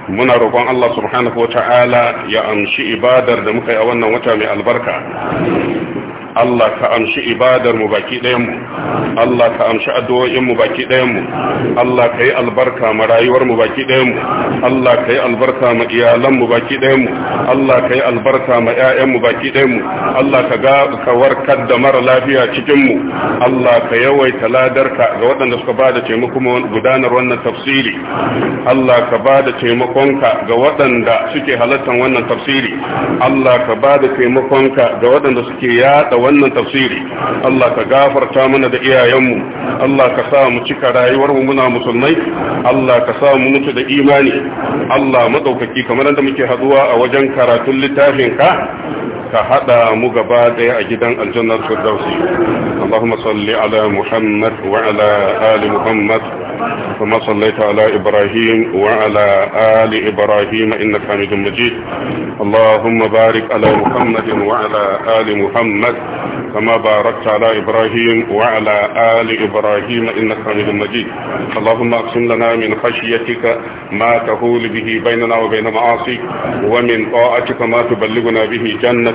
muna roƙon Allah subhanahu wa ta'ala ya amshi ibadar da muka yi a wannan wata mai albarka Allah ka amshi ibadar mu baki ɗayan mu Allah ka amshi addu'o'in mu baki ɗayan mu Allah ka yi albarka ma rayuwar mu baki ɗayan mu Allah ka yi albarka ma iyalan mu baki ɗayan mu Allah ka yi albarka ma ƴaƴan mu baki ɗayan mu Allah ka ga ka warkar da mara lafiya cikin mu Allah ka yawaita ladarka ga waɗanda suka bada taimako gudanar wannan tafsiri Allah ka bada taimakonka ga waɗanda suke halartar wannan tafsiri Allah ka bada taimakonka ga waɗanda suke yada wannan tafsiri Allah ka gafarta mana da iyayenmu Allah ka sa mu cika rayuwar mu muna musulmai Allah ka sa mu mutu da imani Allah madaukaki kamar da muke haduwa a wajen karatun littafin ka ka hada mu gaba daya a gidan aljannar firdausi Allahumma salli ala Muhammad wa ala ali Muhammad kama sallaita ala Ibrahim wa ala ali Ibrahim innaka Hamidum Majid Allahumma barik ala Muhammad wa ala ali Muhammad kama barakta ala Ibrahim wa ala ali Ibrahim innaka Hamidum Majid Allahumma aqsim lana min khashyatika ma tahul bihi bainana wa bain ma'asik wa min ta'atika ma tuballighuna bihi jannat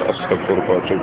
استغفرك واتوب